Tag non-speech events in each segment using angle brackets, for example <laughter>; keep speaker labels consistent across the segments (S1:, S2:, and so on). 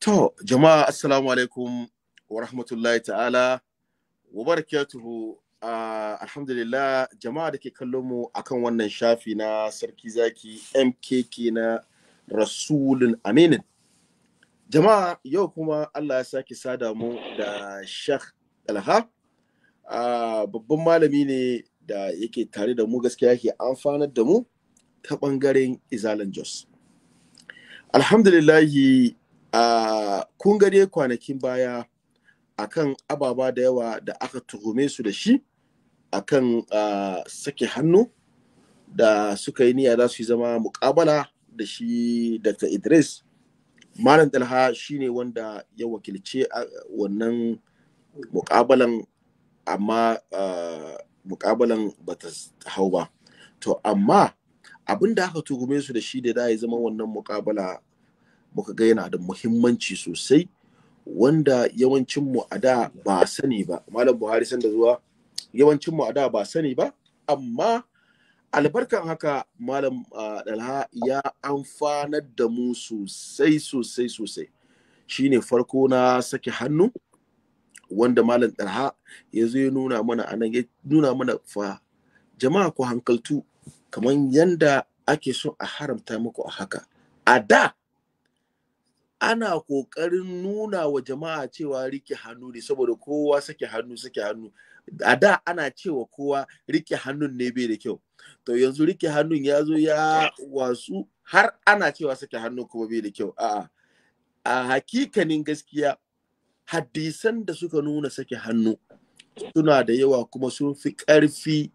S1: To, jama'a assalamu alaikum wa rahmatullahi ta'ala wa barakatuhu alhamdulillah jama'a da ke kallon mu akan wannan shafi na sarki zaki mkk na rasulun aminin jama'a yau kuma allah ya sake sada mu da shak alha uh, babban malami ne da yake tare da mu gaskiya ke amfanar da mu ta ɓangaren izalan jos alhamdulillahi a kun gare kwanakin baya akan ababa da yawa da aka tuhume su da shi akan kan sake hannu da suka yi niyya za su yi zama mukabala da shi dr idris malam dalha shine wanda ya wakilce wannan mukabalan amma mukabalan ba ta hau ba to amma abin da aka tuhume su da shi da ya zama wannan mukabala muka ga yana da muhimmanci sosai wanda yawancinmu a da ba sani ba malam buhari sanda zuwa mu a da ba sani ba amma albarkan haka malam dalha ya amfanar da mu sosai sosai sosai shine farko na sake hannu wanda malam dalha ya zo ya nuna mana anan ya nuna mana fa jama'a ku hankaltu kamar yanda ake so a haramta muku a haka a da ana ƙoƙarin nuna wa jama'a cewa rike hannu ne saboda kowa sake hannu sake hannu a da ana cewa kowa rike hannun ne bai da kyau to yanzu rike hannun ya zo ya wasu har ana cewa sake hannu kuma bai da kyau a'a a hakikanin gaskiya hadisan da suka nuna sake hannu suna da yawa kuma sun fi ƙarfi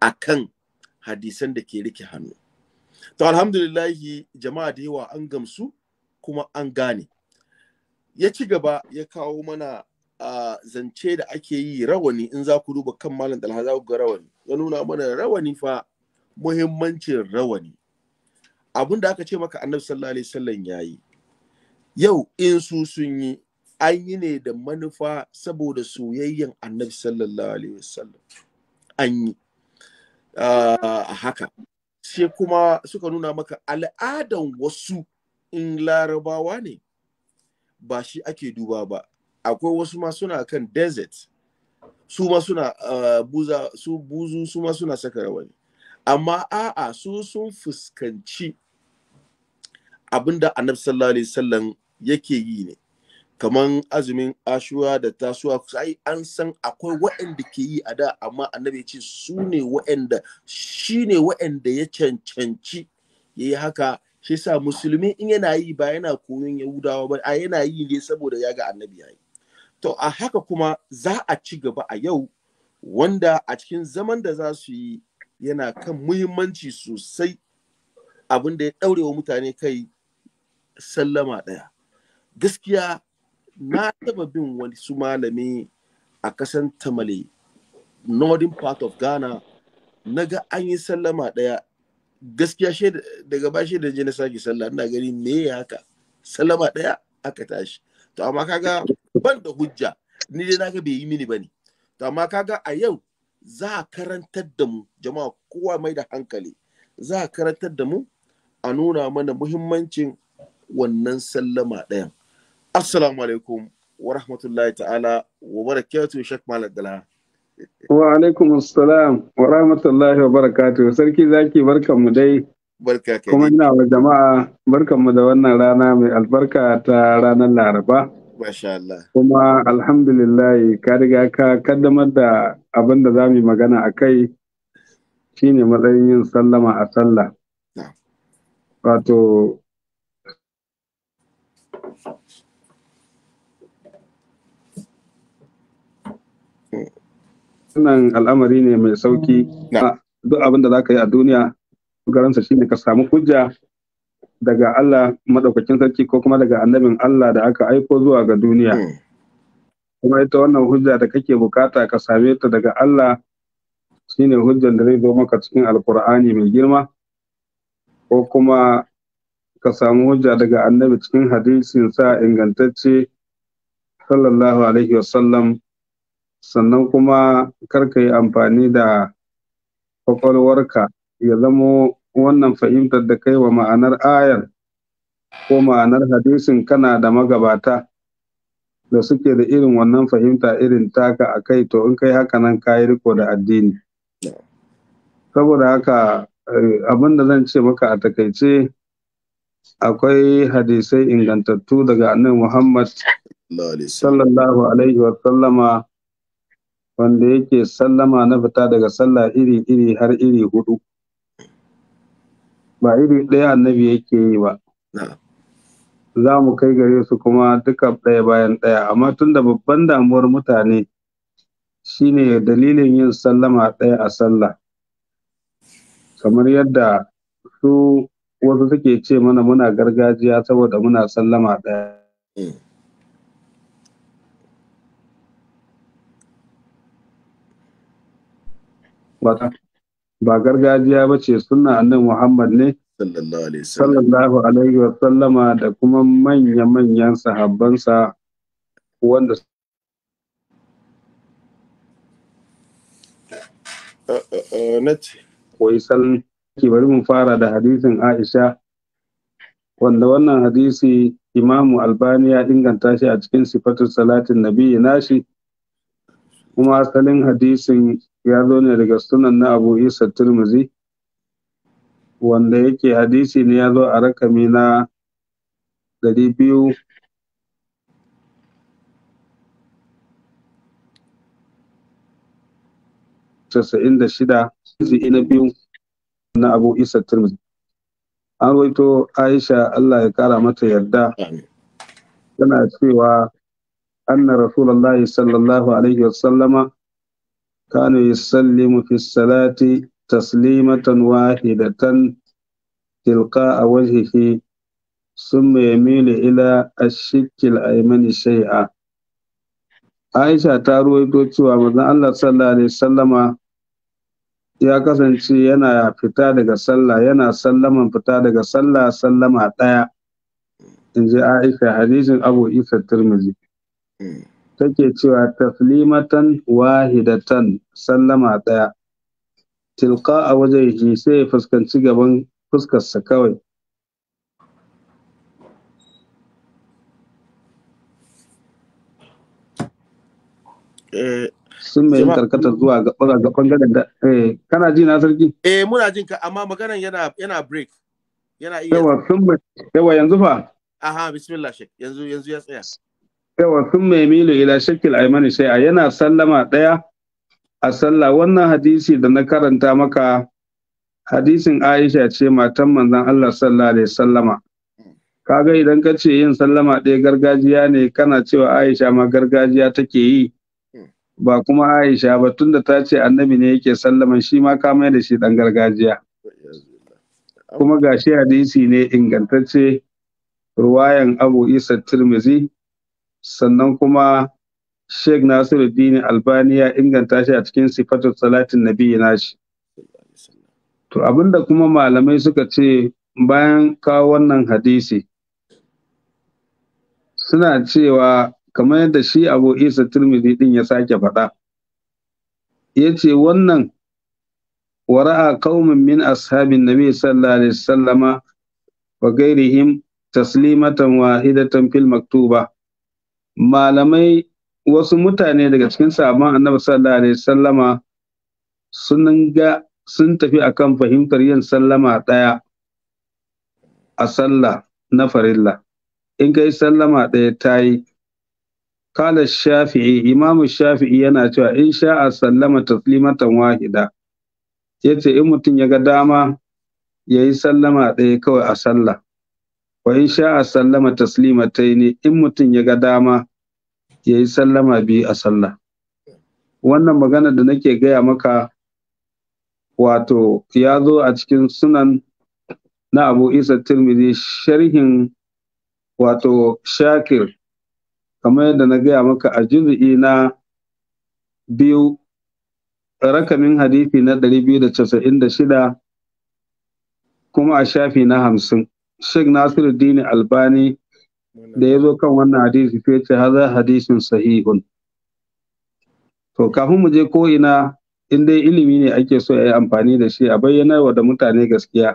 S1: a kan hadisan da ke rike hannu to alhamdulillahi jama'a da yawa an gamsu kuma an gane ya ci gaba ya kawo mana a zance da ake yi rawani in za ku duba kan malam dalhaza ga rawani ya nuna mana rawani fa muhimmancin rawani abin da aka ce maka annabi sallallahu alaihi wasallam yayi yau in su sun yi an yi ne da manufa saboda soyayyen annabi sallallahu alaihi wasallam an yi a haka sai kuma suka nuna maka al'adan wasu in larabawa ne ba shi ake duba ba akwai wasu ma suna kan desert su ma suna uh, buza su buzu su ma suna saka rawani amma a'a su sun fuskanci abinda annabi sallallahu alaihi wasallam yake yi ne kaman azumin ashura da tasuwa sai an san akwai waɗanda ke yi a da amma annabi ya ce su ne waɗanda shi ne waɗanda ya cancanci ya yi haka shi sa musulmi in yana yi ba yana koyon yahudawa ba a yana yi ne saboda ya ga annabi yayi to a haka kuma za a ci gaba a yau wanda a cikin zaman da za su yi yana kan muhimmanci sosai abin da ya wa mutane kai sallama ɗaya gaskiya na taɓa bin wani su malami a ƙasan tamale northern part of ghana na ga an yi sallama ɗaya gaskiya she daga bashi da je na sake sallah ina gani me ya haka sallama daya aka tashi to amma kaga ban da hujja ni dai naga bai yi mini bane to amma kaga a yau za a karantar da mu jama'a kowa mai da hankali za a karantar da mu a nuna mana muhimmancin wannan sallama ɗayan assalamu alaikum wa rahmatullahi ta'ala wa barakatuhu shek malam
S2: Wa alaikum assalam wa rahmatullahi wa barakatuhu. Sarki zaki barkan mu dai. Kuma ina wa jama'a barkan mu da wannan rana mai albarka ta ranar Laraba.
S1: Masha Allah.
S2: Kuma alhamdulillah ka riga ka kaddamar da abin da za mu yi magana a kai shine matsayin yin sallama a sallah. Wato wannan al'amari ne mai sauki ah, duk abin da za ka yi a duniya garansa shi ne ka samu hujja daga Allah madaukakin sarki ko kuma daga annabin Allah da aka aiko zuwa ga duniya hmm. kuma ita wannan hujja da kake bukata ka same ta daga Allah shine hujjan da zai zo maka cikin alkur'ani mai girma ko kuma ka samu hujja daga annabi cikin hadisin sa ingantacce sallallahu alaihi wasallam sannan kuma karka yi amfani da kwakwalwarka ya zamo wannan fahimtar da kai wa ma'anar ayar ko ma'anar hadisin kana da magabata da suke da irin wannan fahimta irin taka a kai to in kai haka nan kayi riko da addini saboda haka eh, abin da zan ce maka a takaice akwai hadisai ingantattu daga annabi muhammad sallallahu alaihi wa sallama wanda yake sallama na fita daga sallah iri-iri har iri hudu ba iri ɗaya annabi yake yi ba za mu kai gare su kuma duka ɗaya bayan ɗaya amma tun da babban damuwar mutane shine dalilin yin sallama ɗaya a sallah kamar yadda su wasu suke ce mana muna gargajiya saboda muna sallama ɗaya mm. ba gargajiya ba ce suna annan Muhammad ne sallallahu alaihi wa da kuma manya-manyan sahabbansa wanda uh, uh, uh, koyi sallan ke bari mu fara da hadisin Aisha wanda wannan hadisi imamu albani ya inganta shi a cikin sifatun salatin nabi nashi kuma asalin hadisin ya zo ne daga sunan na abu isa turmuzi wanda yake hadisi ne ya zo a rakami na 296 biyu casa'in da shida na biyu na abu isa turmuzi an waito aisha allah ya kara mata yarda tana cewa أن رسول الله صلى الله عليه وسلم كان يسلم في الصلاة تسليمة واحدة تلقاء وجهه ثم يميل إلى الشك الأيمن شيئا Aisha ta ruwaito cewa manzon Allah sallallahu sallama ya kasance yana fita daga sallah yana sallaman fita daga sallah sallama ɗaya in ji Aisha hadisin Abu Isa Tirmidhi take cewa taslimatan wahidatan sallama ɗaya tilka a wajeji sai ya fuskanci gaban fuskarsa kawai eh, sun mai karkatar zuwa ga bangaren da eh, kana ji na sarki eh muna jin ka amma maganan yana yana break yana iya yawa sun yawa yanzu fa aha
S1: bismillah shek yanzu yanzu ya tsaya
S2: yawa sun mai milu ila shakil aimani sai a yana sallama ɗaya a sallah wannan hadisi da na karanta maka hadisin aisha ce matan manzan allah salla da sallama kaga idan ka ce yin sallama ɗaya gargajiya ne kana cewa aisha ma gargajiya take yi ba kuma aisha ba tunda ta ce annabi ne yake sallaman shi ma ka mai da shi ɗan gargajiya kuma gashi hadisi ne ingantacce ruwayan abu isa tirmizi sannan kuma Sheikh Nasiruddin Albani ya inganta shi a cikin sifatu salatin nabi nashi. To abinda kuma malamai suka ce bayan kawo wannan hadisi suna cewa kamar yadda shi Abu Isa Tirmidhi din ya sake faɗa. yace wannan wara'a qaumin min ashabin nabi sallallahu alaihi wasallama wa gairihim taslimatan wahidatan fil maktuba. malamai wasu mutane daga cikin sabon annabi sallallahu alaihi sallama sun ga sun tafi akan fahimtar yin sallama ɗaya a sallah na farilla in kai sallama ɗaya tayi, kala shafi'i Imam shafi'i yana cewa in sha'a sallama taslimatan wahida yace in mutum ya ga dama yayi sallama ɗaya kawai a sallah wa in sha'a sallama ne in mutum ya ga dama ya yi sallama biyu a sallah wannan magana da nake gaya maka wato ya zo a cikin sunan na abu isa tirmidhi sharhin wato shakir kamar yadda na gaya maka a juzu'i na biyu rakamin hadithi na 296 kuma a shafi na hamsin Sheikh Nasiruddin Albani da yazo kan wannan hadisi sai ce haza hadisin sahihun to kafin mu je ko ina in dai ilimi ne ake so a yi amfani da shi a bayyana wa da mutane gaskiya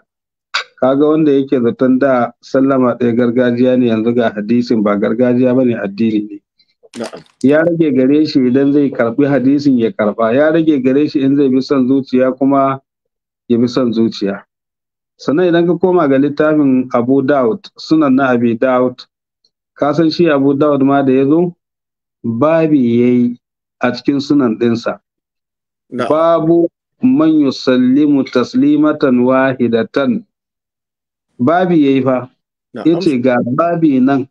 S2: kaga wanda yake zaton da sallama ɗaya gargajiya ne yanzu ga hadisin ba gargajiya bane addini ne ya rage gare shi idan zai karbi hadisin ya karba ya rage gare shi in zai bi son zuciya kuma ya bi son zuciya sannan idan ka koma ga littafin abu daud sunan na abi daud ka san shi abu daud ma da ya zo babi ya yi a cikin sunan ɗinsa babu man yusallimu taslimatan wahidatan babi ya yi fa ya ce ga babi nan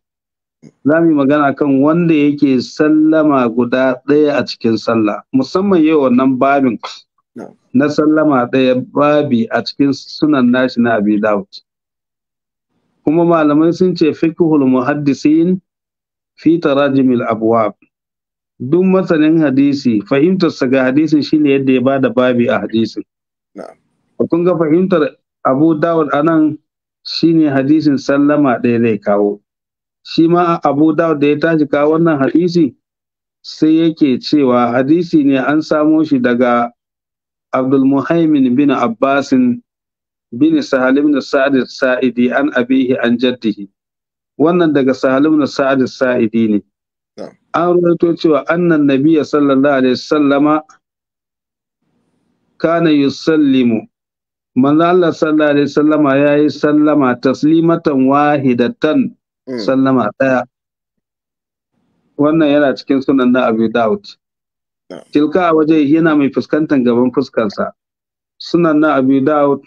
S2: za mu yi magana kan wanda yake sallama guda ɗaya a cikin sallah musamman yau wannan babin na sallama ɗaya babi a cikin sunan nashi na abi daud kuma malamai sun ce fiqhul muhaddisin fi tarajimil abwab duk masanin hadisi fahimtar sa ga hadisin shine yadda ya bada babi a hadisin kun ga fahimtar abu daud anan shine hadisin sallama ɗaya zai kawo shi ma abu daud da ya tashi kawo wannan hadisi sai yake cewa hadisi ne an samo shi daga Abdul Abdulmuhaimin bin Abbasin bin Sahal ibn Sa'ad Sa'idi an abihi an jaddihi wannan daga Sahal ibn Sa'ad Sa'idi ne an rawaito cewa annan nabiyya sallallahu alaihi wasallama kana yusallimu manzo Allah sallallahu alaihi sallama yayi sallama taslimatan wahidatan hmm. sallama daya wannan yana cikin sunan na Abu Dawud tilka a waje yana mai fuskantar gaban fuskarsa suna na abu daud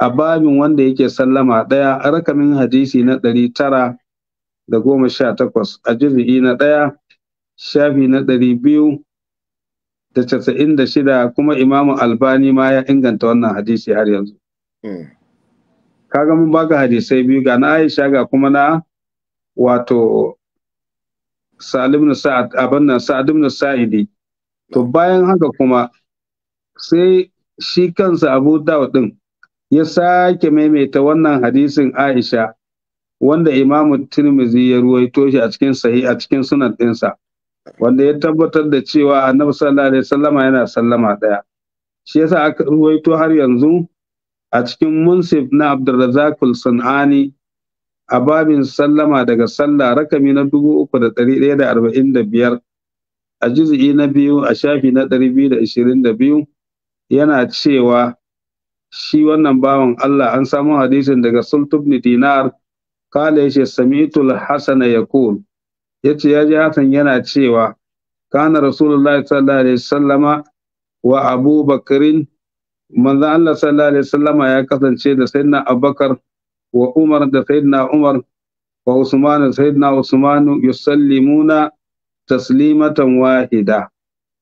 S2: a babin wanda yake sallama ɗaya rakamin hadisi na ɗari tara da goma sha takwas a jirgi na ɗaya shafi na ɗari biyu da casa'in da shida kuma imamu albani ma ya inganta wannan hadisi har yanzu hmm. kaga mun baka hadisai biyu ga na aisha ga kuma na wato salim na to bayan haka kuma sai shi kansa abu dawud din ya sake maimaita wannan hadisin aisha wanda imamu tirmizi ya ruwaito shi a cikin sahi a cikin sunan ɗinsa wanda ya tabbatar da cewa annabi sallallahu alaihi sallama yana sallama ɗaya shi yasa aka ruwaito har yanzu a cikin munsif na abdurrazak sanani a babin sallama daga sallah rakami na dubu uku da ɗari ɗaya da arba'in da biyar a juz'i na biyu a shafi na ɗari biyu da ashirin da biyu yana cewa shi wannan bawan Allah an samu hadisin daga Sultub Dinar kala yace Samitul Hasan yaqul yace yaji Hassan yana cewa kana Rasulullahi sallallahu alaihi wasallama wa Abu Bakrin manzo Allah sallallahu alaihi wasallama ya kasance da Sayyidina Abubakar wa Umar da Sayyidina Umar wa Usman da Sayyidina Usman yusallimuna taslimatan wahida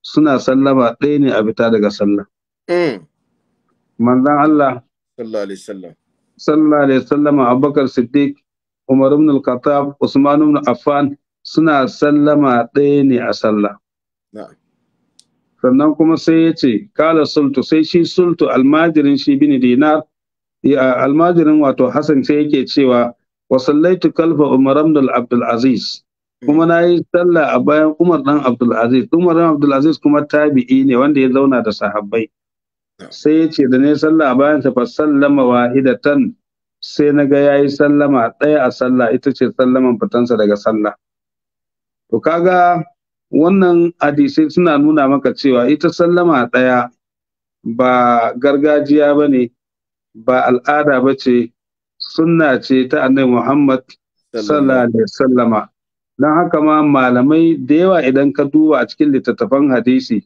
S2: suna sallama ɗaya ne a fita daga sallah eh. manzan Allah sallallahu alaihi wasallam Abubakar Siddiq Umar ibn al-Khattab Usman ibn Affan suna sallama ɗaya ne a sallah sannan kuma sai ya ce kala sultu sai shi sultu almajirin shi bin dinar almajirin wato Hassan sai yake cewa wa sallaitu kalfa Umar ibn Abdul Aziz kuma mm. na yi sallah a bayan Umar dan Abdulaziz Umar dan Abdulaziz kuma tabi'i ne wanda ya zauna da sahabbai sai ya ce da ne sallah a bayan ta fa sallama wahidatan sai na ga yayi sallama ɗaya a sallah ita ce sallaman fitansa daga sallah to kaga wannan hadisai suna nuna maka cewa ita sallama ɗaya ba gargajiya ba ne ba al'ada bace ce sunna ce ta annabi Muhammad sallallahu alaihi wasallama don haka ma malamai da yawa idan ka duba a cikin littattafan hadisi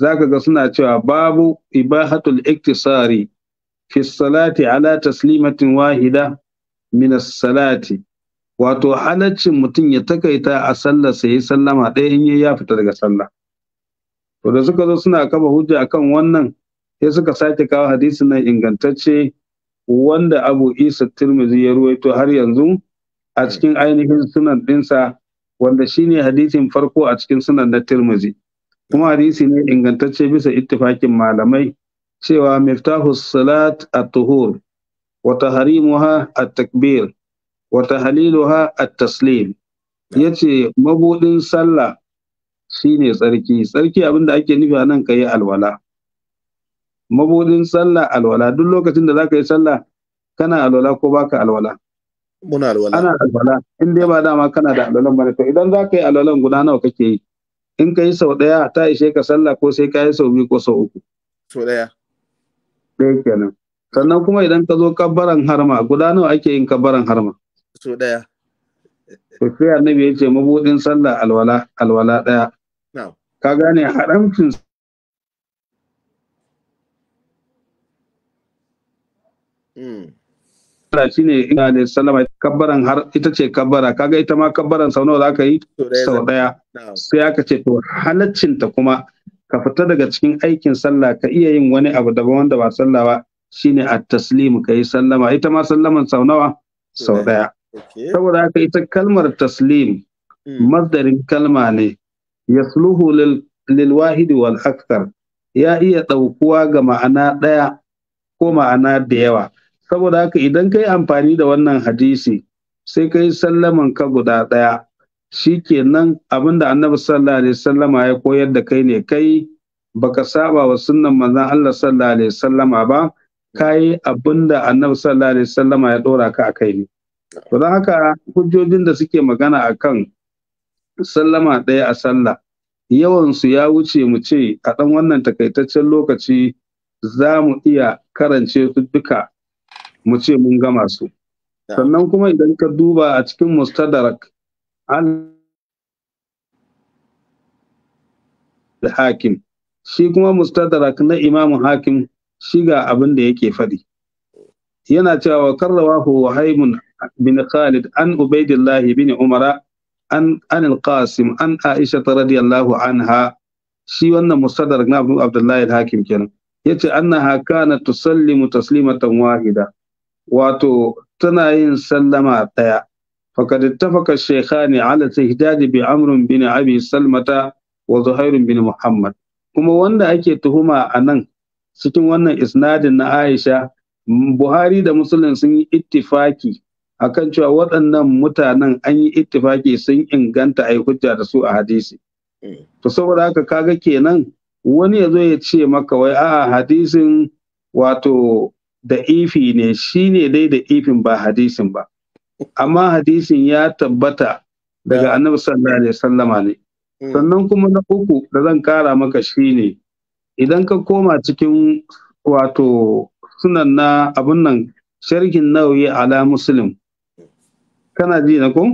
S2: zaka ga suna cewa babu ibahatul iktisari fi salati ala taslimatin wahida min salati wato halaccin mutum ya takaita a sallar sai ya sallama ɗaya in ya fita daga sallah to da suka zo suna kafa hujja akan wannan sai suka sake kawo hadisi nan ingantacce wanda Abu Isa Tirmidhi ya ruwaito har yanzu a cikin ainihin sunan ɗinsa wanda shine hadisin farko a cikin sunan na Tirmidhi kuma hadisi ne ingantacce bisa ittifakin malamai cewa miftahu salat at-tuhur wa tahrimuha at-takbir wa tahliluha at-taslim yace mabudin sallah shine tsarki tsarki abinda ake nufi a nan kai alwala mabudin sallah alwala duk lokacin da zaka yi sallah kana alwala ko baka alwala muna alwala ana alwala in dai ba dama kana da alwalan bane to idan za ka yi alwalan guda nawa kake yi in ka yi sau ɗaya ta ishe ka sallah ko sai ka yi sau biyu ko sau uku sau ɗaya ɗaya kenan sannan kuma idan ka zo kabbaran harma guda nawa ake yin kabbaran harma sau ɗaya to sai annabi ya ce mabudin sallah alwala alwala ɗaya ka gane haramcin hmm. Allah shi ne ina da sallama kabbaran har ita ce kabbara kaga ita ma kabbaran sau nawa zaka yi sau daya sai aka ce to halaccin ta kuma ka fita daga cikin aikin sallah ka iya yin wani abu daban wanda ba sallah ba shine at-taslim ka yi sallama ita ma sallaman sau nawa sau daya saboda haka ita kalmar taslim hmm. masdarin kalma ne yasluhu lil wahidi wal akthar ya iya ɗaukuwa ga ma'ana ɗaya ko ma'ana da yawa saboda haka idan kai amfani da wannan hadisi sai kai sallaman ka guda ɗaya shikenan abinda annabi sallallahu alaihi sallama ya koyar da kai ne kai baka saba wa sunnan manzon Allah sallallahu alaihi sallama ba kai abinda annabi sallallahu alaihi sallama ya dora ka akai ne to don haka hujjojin da suke magana akan sallama ɗaya a sallah su ya wuce mu ce a ɗan wannan takaitaccen lokaci za mu iya karance su duka mu ce mun gama su sannan kuma idan ka duba a cikin mustadarak an da hakim shi kuma mustadarak na imamu hakim shi ga abin da yake faɗi yana cewa wa haimun bin khalid an ubaidillah bin umara an an al an aisha radiyallahu anha shi wannan mustadarak na abdullahi al-hakim kenan yace annaha kanat tusallimu taslimatan wahida wato tana yin sallama ɗaya فقد ala tahdadi bi amr bin Abi, salmata wa Zuhairun bin Muhammad. kuma wanda ake tuhuma a nan cikin wannan isnadin na Aisha Buhari da Muslim sun yi ittifaki akan cewa waɗannan mutanen an yi ittifaki sun inganta a hujja da su a hadisi eh. to saboda haka kaga kenan wani ya zo ya ce maka wai a hadisin wato da ifi ne shi dai da ifin ba hadisin ba amma hadisin ya tabbata daga annabi sallallahu alaihi wasallama ne mm. sannan kuma na uku da zan kara maka shi ne idan ka koma cikin wato sunan na abun nan sharhin nauyi ala muslim kana ji na ko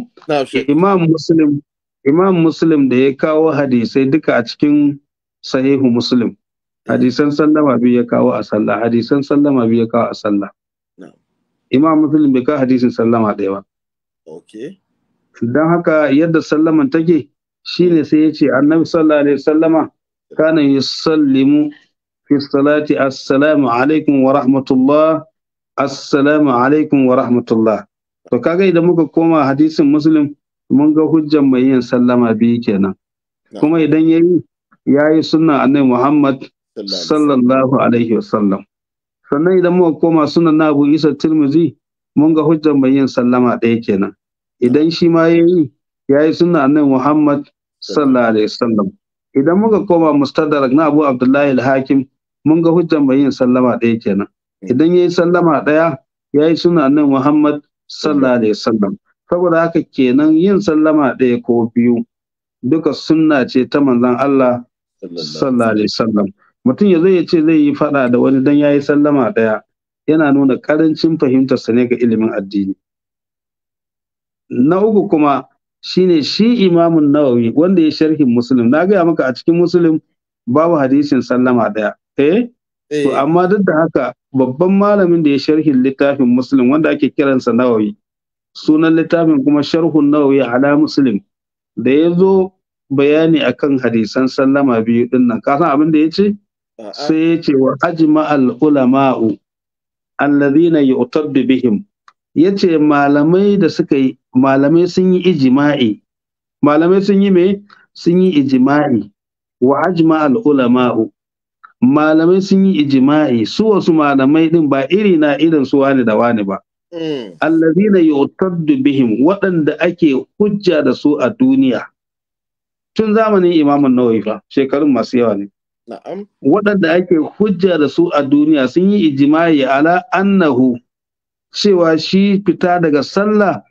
S2: imam muslim imam muslim da ya kawo hadisai duka a cikin sahihu muslim Eh. hadisan sallama biyu ya kawo a sallah hadisan sallama biyu ya kawo a sallah imam muslim bai kawo hadisin sallama ɗaya ba don haka yadda sallaman take shine sai ya ce annabi sallallahu alaihi sallama kana yusallimu fi salati assalamu alaikum wa rahmatullah assalamu alaikum wa rahmatullah to kaga idan muka koma hadisin muslim mun ga hujjan mai yin sallama biyu kenan kuma idan yayi yayi sunna annabi muhammad sallallahu alaihi wasallam sannan idan muka koma sunan na Abu Isa Tirmizi mun ga hujjar mai yin sallama ɗaya kenan idan shi ma yayi yayi sunna annabi Muhammad sallallahu alaihi wasallam idan muka koma mustadrak na Abu Abdullahi al-Hakim mun ga hujjar mai yin sallama ɗaya kenan idan yayi sallama ɗaya yayi sunna annabi Muhammad sallallahu alaihi wasallam saboda haka kenan yin sallama ɗaya ko biyu duka sunna ce ta manzon Allah sallallahu alaihi wasallam mutum ya zai ce zai yi faɗa da wani dan yayi sallama ɗaya yana nuna ƙarancin fahimtarsa ne ga ilimin addini na uku kuma shine shi imamun nawawi wanda ya sharhin muslim na gaya maka a cikin muslim babu hadisin sallama ɗaya eh, eh. amma duk da haka babban malamin da ya sharhin littafin muslim wanda ake kiransa nawawi sunan littafin kuma sharhun nawawi ala muslim da ya zo bayani akan hadisan sallama biyu din nan kasan abin da ya ce sai ya ce wa ajma al ulama'u alladhina yu'tabbi bihim yace malamai da suka yi malamai sun yi ijma'i malamai sun yi me sun yi ijma'i wa ajma al ulama'u malamai sun yi ijima'i su wasu malamai din ba iri na irin su wani da wani ba mm. allazina yu'taddu bihim waɗanda ake hujja da su a duniya tun zamanin imamun nawawi fa shekarun masu yawa ne waɗanda ake hujja da su a duniya sun yi ijimai ala annahu cewa shi fita daga sallah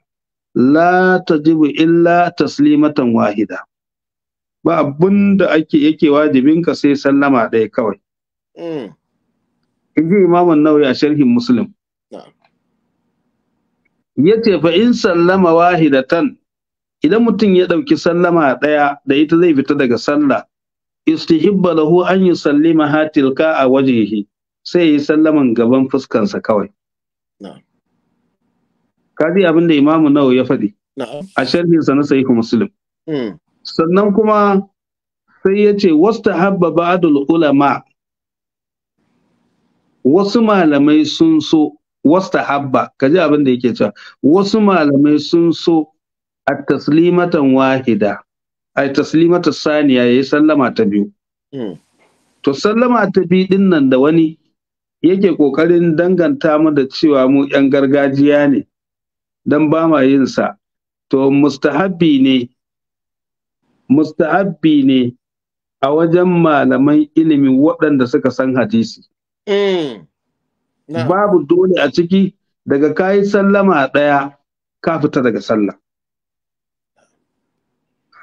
S2: la tajibu illa taslimatan wahida ba abun da ake yake wajibinka sai sallama ɗaya kawai mm. in ji imamun nawawi a sharhin muslim ya ce fa in sallama wahidatan idan mutum ya ɗauki sallama ɗaya da ita zai fita daga sallah istihibba lahu an yusallima hatilka a wajehi sai yi sallaman gaban fuskansa kawai kaji abin da imamu nawa ya faɗi a sharhinsa na ku muslim hmm. sannan kuma sai ya ce wasta habba ba'adul ulama wasu malamai sun so wasta habba kaji abin da yake cewa wasu malamai sun so a taslimatan wahida ai taslimatu saniya yayi sallama ta biyu hmm. to sallama ta biyu din nan da wani yake kokarin danganta mu da cewa mu yan gargajiya ne dan ba ma yin sa to mustahabbi ne mustahabbi ne a wajen malaman ilimi waɗanda suka san hadisi hmm. babu dole a ciki daga kayi sallama ɗaya ka fita daga sallah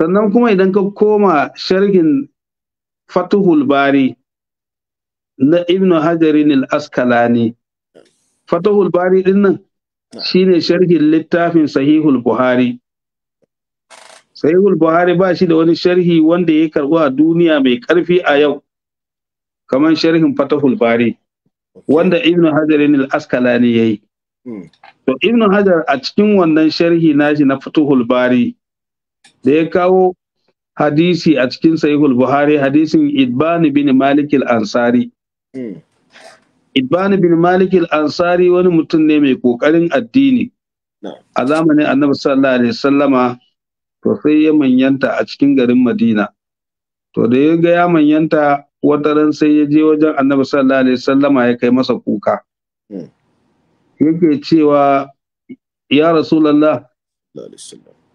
S2: sannan kuma idan ka koma sharhin fatuhul bari na ibnu hajarin al-askalani fatuhul bari din nan shine sharhin littafin sahihul buhari sahihul buhari ba shi da wani sharhi wanda ya karbu a duniya mai karfi a yau kamar sharhin fatuhul bari wanda ibnu hajarin al-askalani yayi hmm. to ibnu hajar a cikin wannan sharhi nashi na fatuhul bari da ya kawo hadisi a cikin sahihul buhari hadisin idban bin malik al-ansari hmm. idban bin malik al-ansari wani mutum ne mai kokarin addini a zamanin annabi sallallahu alaihi wasallama to sai ya manyanta a cikin garin madina to da ya ga ya manyanta wata ran sai ya je wajen annabi sallallahu alaihi wasallama ya kai masa kuka hmm. yake cewa ya rasulullah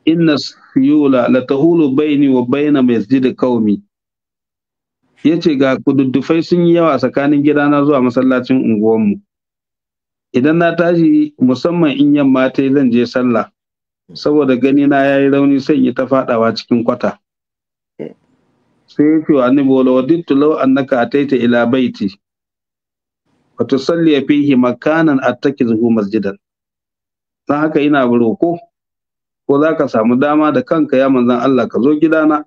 S2: inna yula la tahulu baini wa baina masjid qaumi yace ga kududdufai sun yi yawa tsakanin gidana zuwa masallacin unguwanmu idan na tashi musamman in yamma ta zan je sallah saboda gani na yayi rauni sai yi ta fadawa cikin kwata sai fiwa ni annabi wala wadittu law annaka ataita ila baiti wa tusalli fihi makanan attakizu masjidan dan haka ina roko ko za ka samu dama da kanka ya manzan Allah ka zo gidana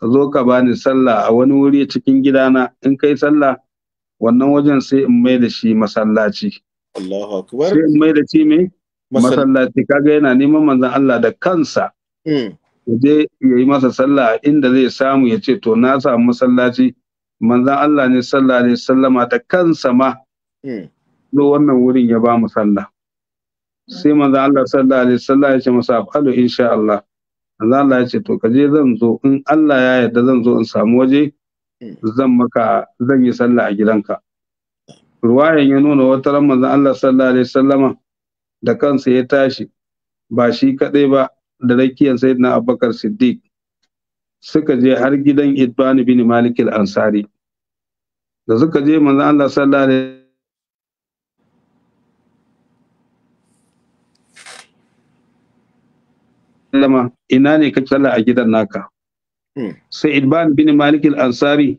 S2: ka zo ka bani sallah a wani wuri cikin gidana in kai sallah wannan wajen sai in mai da shi masallaci Allahu akbar sai in mai da shi me masallaci kaga yana neman manzan Allah da kansa mm. je ya yi masa sallah inda zai samu ya ce to na samu masallaci manzan Allah ne sallah ne sallama da kansa ma hmm. zo wannan wurin ya ba mu sallah sai manzo Allah sallallahu alaihi wasallam ya ce masa fadu insha Allah manzo Allah ya ce to kaje zan zo in Allah ya yarda zan zo in samu waje zan maka zan yi sallah a gidanka ruwayan ya nuna wata ran manzo Allah sallallahu alaihi wasallam da kansa ya tashi ba shi kadai ba da rakiyan sayyidina Abubakar Siddiq suka je har gidan Ibn bin Malik al-Ansari da suka je manzo Allah sallallahu alaihi sallama ina ne ka sallah a gidan naka hmm. sai Ibn bin Malik al-Ansari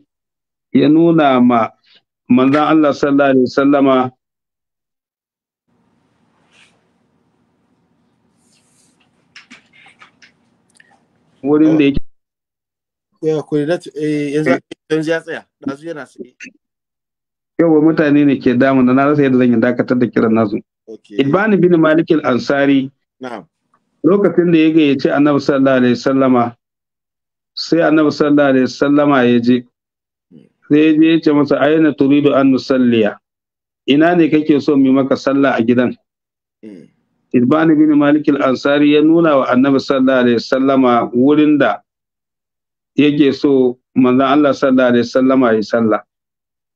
S2: ya nuna ma manzan Allah sallallahu alaihi wasallama wurin da yake
S1: ya kuri da eh, yanzu ya tsaya dazu yana sai
S2: yawa mutane ne ke damu na rasa yadda zan yi dakatar da kiran nazu Ibn bin Malik al-Ansari na'am lokacin da ya gayyaci annabi sallallahu alaihi sallama sai annabi sallallahu alaihi sallama ya je sai ya je ya ce masa aina turidu an nusalliya ina ne kake so mu maka sallah a gidan eh. Ibn bin Malik al-Ansari ya nuna wa Annabi sallallahu alaihi sallama wurin da yake so manzon Allah sallallahu alaihi sallama ya sallah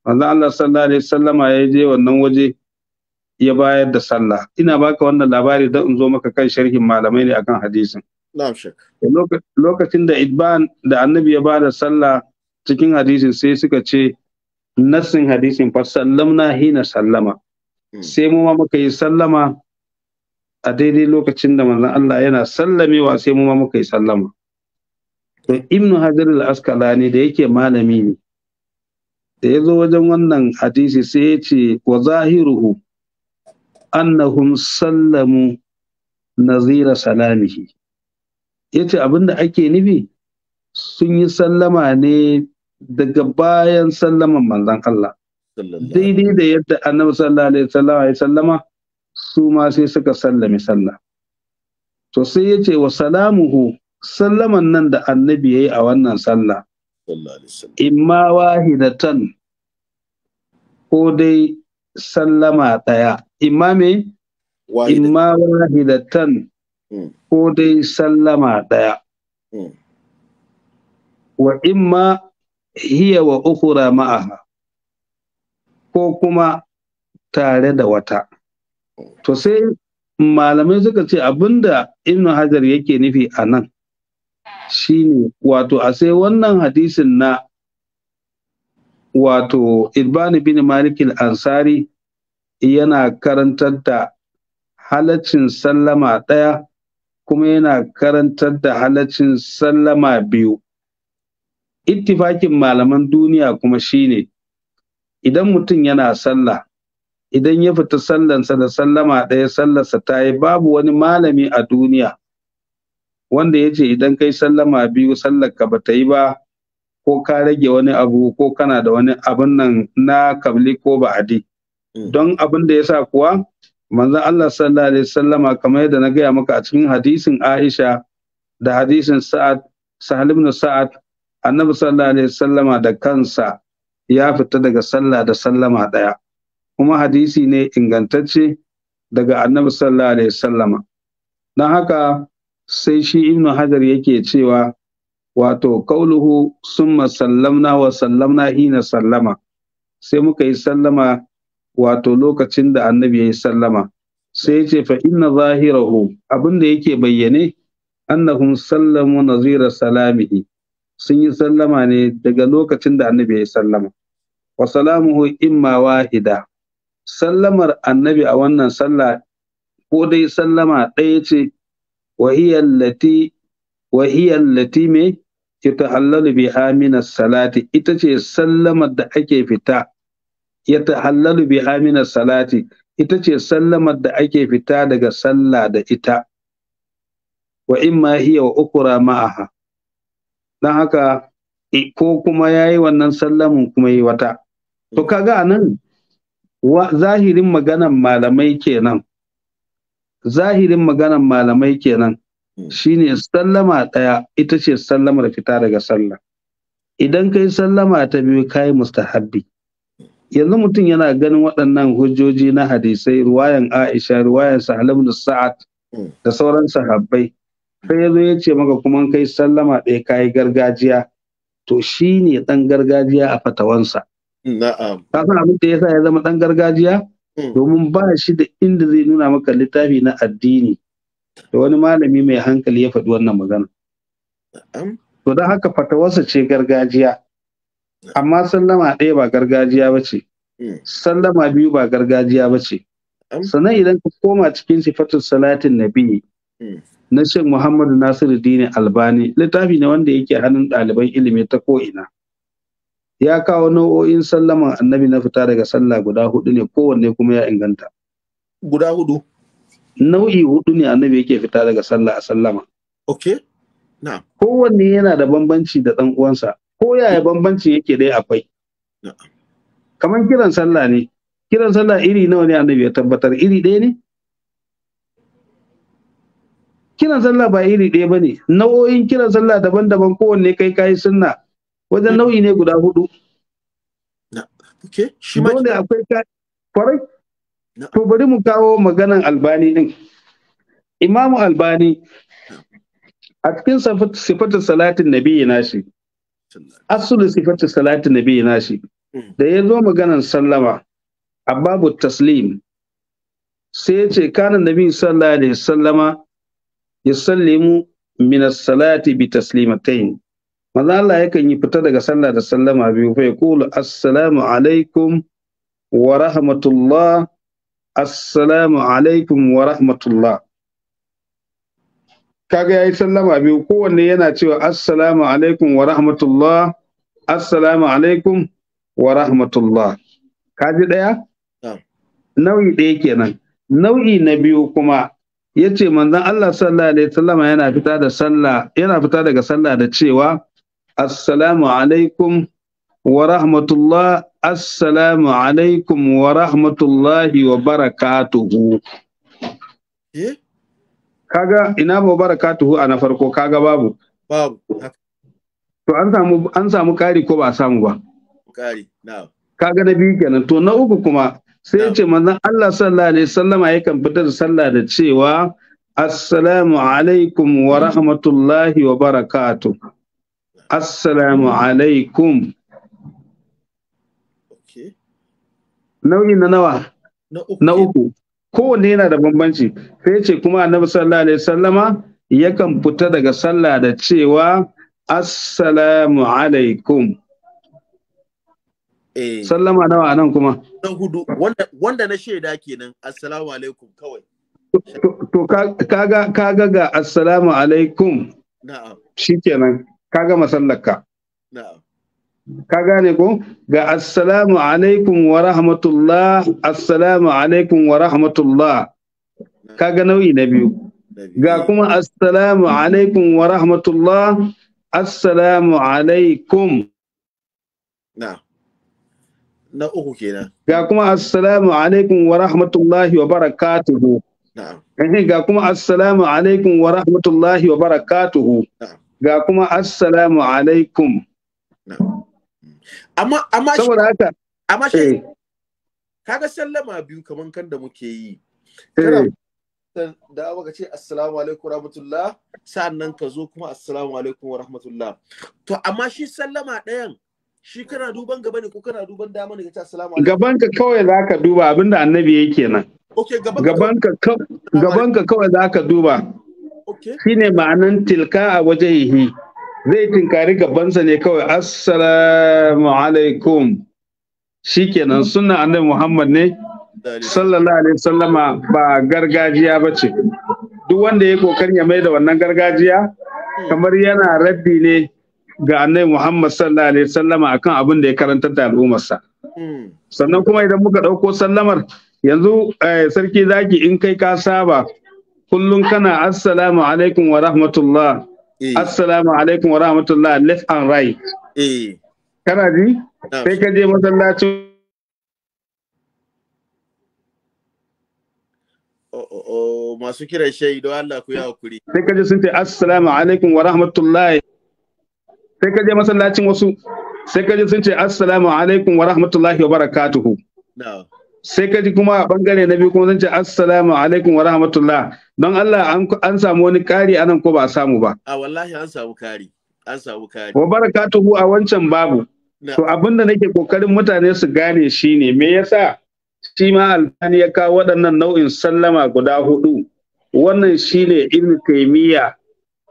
S2: manzon Allah sallallahu alaihi sallama ya je wannan waje ya bayar da sallah ina baka wannan labari don in zo maka kan sharhin malamai ne akan hadisin lokacin da idban da annabi ya bada sallah cikin hadisin sai suka ce nasin hadisin fa sallamna hina sallama hmm. sai mu ma muka yi sallama a daidai lokacin da manzon Allah yana sallamewa sai mu ma muka yi sallama to ibnu hajar al-asqalani da yake malami ne da ya zo wajen wannan hadisi sai ya ce wa zahiruhu annahum sallamu nazira salamihi yace abinda ake nufi sun yi sallama ne daga bayan sallaman manzon Allah daidai da yadda annabi sallallahu alaihi ya sallama su ma sai suka sallami sallah to sai yace wa salamuhu sallaman nan da annabi yayi a wannan sallah imma wahidatan ko dai sallama ɗaya imma imma wahidatan hmm. ko dai sallama ɗaya hmm. wa imma hiya wa uku ma'aha ko kuma tare da wata to sai malamai suka ce abinda ibn hajar yake nufi a nan shine wato a sai wannan hadisin na wato ibn bin malik al-ansari yana karantar da halaccin sallama ɗaya kuma yana karantar da halaccin sallama biyu ittifakin malaman duniya kuma shine idan mutum yana sallah idan ya fita sallansa da sallama ɗaya sallarsa ta yi babu wani malami a duniya wanda ya ce idan kai sallama biyu sallarka ba ta yi ba ko ka rage wani abu ko kana da wani abin nan na kabli ko ba'adi Mm. don abin da ya sa kuwa manzon Allah sallallahu alaihi wasallama kamar yadda na gaya maka a cikin hadisin Aisha da hadisin Sa'ad Sahal ibn Sa'ad Annabi sallallahu alaihi wasallama da kansa ya fita daga sallah da sallama daya kuma hadisi ne ingantacce daga Annabi sallallahu alaihi wasallama dan haka sai shi Ibn Hajar yake cewa wato kauluhu summa sallamna wa sallamna hina sallama sai muka yi sallama wato lokacin da annabi ya yi sallama sai ya ce fa inna zahirahu abinda yake bayyane annahum sallamu nazira salamihi sun yi sallama ne daga lokacin da annabi ya yi sallama wa salamuhu imma wahida sallamar annabi a wannan sallah ko dai sallama ɗaya ce wa hiya allati wa hiya allati me ki tahallalu biha min as-salati ita ce sallamar da ake fita ya halalu bi Amina salati ita ce sallamar da ake fita daga sallah da ita wa imma hiya wa ukura ma'aha dan haka ko kuma yayi wannan sallamun kuma yi wata to kaga anan zahirin maganan malamai kenan zahirin maganan malamai kenan hmm. shine sallama ɗaya ita ce sallamar fita daga sallah idan kai sallama ta biyu kai mustahabbi yanzu mutum yana ganin waɗannan hujjoji na hadisai ruwayan aisha ruwayan sahalim da sa'ad da sauran sahabbai sai ya zo ya ce maka kuma kai sallama ɗaya kayi gargajiya to shi ne ɗan gargajiya a fatawansa san abin da ya sa ya zama ɗan gargajiya hmm. domin ba shi da inda zai nuna maka littafi na addini da wani malami mai hankali ya faɗi wannan magana to don haka fatawarsa ce gargajiya amma sallama ɗaya ba gargajiya ba ce hmm. sallama biyu ba gargajiya ba ce sannan idan ka koma cikin sifatar salatin hmm. na biyu. na shan muhammadu nasiru dini albani littafi ne wanda yake hannun ɗaliban ilimi ta ko'ina ya kawo nau'o'in sallaman annabi na fita daga sallah guda hudu ne kowanne kuma ya inganta guda hudu nau'i hudu ne annabi yake fita daga sallah a sallama okay na kowanne yana da bambanci da ɗan uwansa ko yaya bambanci yake dai akwai kamar kiran sallah ne kiran sallah iri nawa ne annabi ya tabbatar iri ɗaya ne kiran sallah ba iri ɗaya ba ne nau'o'in kiran sallah daban-daban kowanne kai kayi sunna wajen nau'i ne guda hudu dole akwai kwarai to bari mu kawo maganan albani din imamu albani a cikin sifatar salatin nabi na shi asulu sifatu salati nabi na shi hmm. da ya zo maganan sallama a babu taslim sai ya ce kana nabi sallallahu alaihi sallama ya sallimu min salati bi taslimatai manzo Allah yakan yi fita daga sallah da sallama biyu fa yaqulu assalamu alaikum wa rahmatullah assalamu alaikum wa rahmatullah kaga yayi sallama biyu kowanne yana cewa assalamu alaikum wa rahmatullah assalamu alaikum wa rahmatullah kaji daya nau'i ɗaya kenan nau'i na biyu kuma yace manzon Allah sallallahu alaihi wasallama yana fita da sallah yana fita daga sallah da cewa assalamu alaikum wa rahmatullah assalamu alaikum wa rahmatullahi wa barakatuhu eh? kaga ina ba tuhu a na farko kaga babu babu to an samu an samu kari ko ba samu ba kari na'am kaga na biyu kenan to na uku kuma sai ya ce manzon Allah sallallahu alaihi wasallama yakan fitar sallah da cewa Assalamu alaikum wa rahmatullahi wa barakatu. Assalamu alaikum. Nau'i na nawa? Na uku. kowanne yana da bambanci sai ce kuma annabi sallallahu alaihi sallama yakan fita daga sallah da cewa assalamu alaikum eh. sallama nawa anan kuma
S1: na hudu wanda, wanda na shaida kenan assalamu alaikum kawai
S2: to kaga kaga ga assalamu alaikum na'am shikenan kaga masallarka na'am ka gane ko ga assalamu alaikum wa rahmatullah assalamu alaikum wa rahmatullah kaga nau'i na biyu ga kuma assalamu alaikum wa rahmatullah assalamu alaikum na na uku kenan ga kuma assalamu alaikum wa rahmatullahi wa barakatuhu na'am ga kuma assalamu alaikum wa rahmatullahi wa barakatuhu ga kuma assalamu alaikum na'am
S1: amma amma
S3: saboda haka amma shi eh.
S1: kaga sallama biyu kaman kan da muke yi eh. da baka ce assalamu alaikum rahmatullah sa'annan ka zo kuma assalamu alaikum wa rahmatullah to amma shi sallama ɗayan shi kana duban gaba ne ko kana duban dama ne ka ce assalamu alaikum gaban
S2: ka kawai za ka duba abinda annabi yake nan gaban ka kawai za ka duba shine ma'anan tilka a yi. zai tinkari gabansa ne kawai assalamu alaikum shikenan sunna annabi muhammad ne sallallahu alaihi sallama ba gargajiya ba ce duk wanda ya kokarin ya mai da wannan gargajiya kamar yana raddi ne ga annabi muhammad sallallahu alaihi sallama akan abin da ya karantar da al'ummarsa sannan kuma idan muka ɗauko sallamar yanzu eh, sarki zaki in kai ka saba kullum kana assalamu alaikum wa rahmatullah Eh. assalamu alaikum wa rahmatullah left and right eh. kana ji sai ka je masallacin
S1: oh, oh, oh, masu kiran shayi don Allah ku yi hakuri. Sai
S2: ka je sun ce assalamu alaikum wa rahmatullah. Sai ka je masallacin wasu sai ka je sun ce assalamu alaikum wa rahmatullahi wa barakatuhu. Na'am. sai ka ji kuma a bangare na biyu kuma zan ce assalamu alaikum wa rahmatullah don Allah an samu wani kari anan ko ba a samu ba
S1: a wallahi an samu kari an samu kari wa
S2: barakatuhu a wancan babu to abin da nake kokarin mutane su gane shi ne, me yasa shi ma alfani ya kawo waɗannan nau'in sallama guda hudu wannan shine ilmi kaimiyya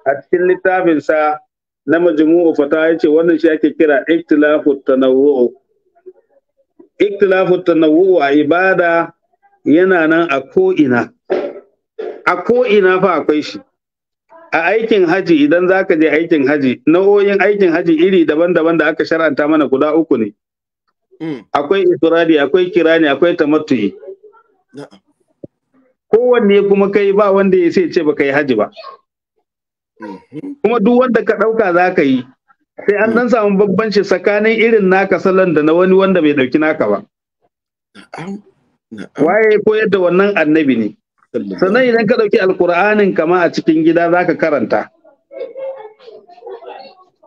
S2: a cikin littafinsa na majmu'u fata ce wannan shi ake kira ikhtilafu tanawwu iktilafu tanawu a ibada yana nan a ko'ina a ko'ina fa akwai shi a aikin haji idan za ka je aikin haji nau'o'in aikin haji iri daban-daban da aka shar'anta mana guda uku ne mm. akwai ifradi akwai kirani akwai tamattu'i kowanne kuma kai ba wanda ya sai ce baka yi haji ba mm-hmm. kuma duk wanda ka ɗauka za ka yi sai an dan samu bambanci tsakanin irin naka salon da na wani wanda bai dauki naka ba waye koyar da wannan annabi ne sannan idan ka dauki alkur'anin kama a cikin gida zaka karanta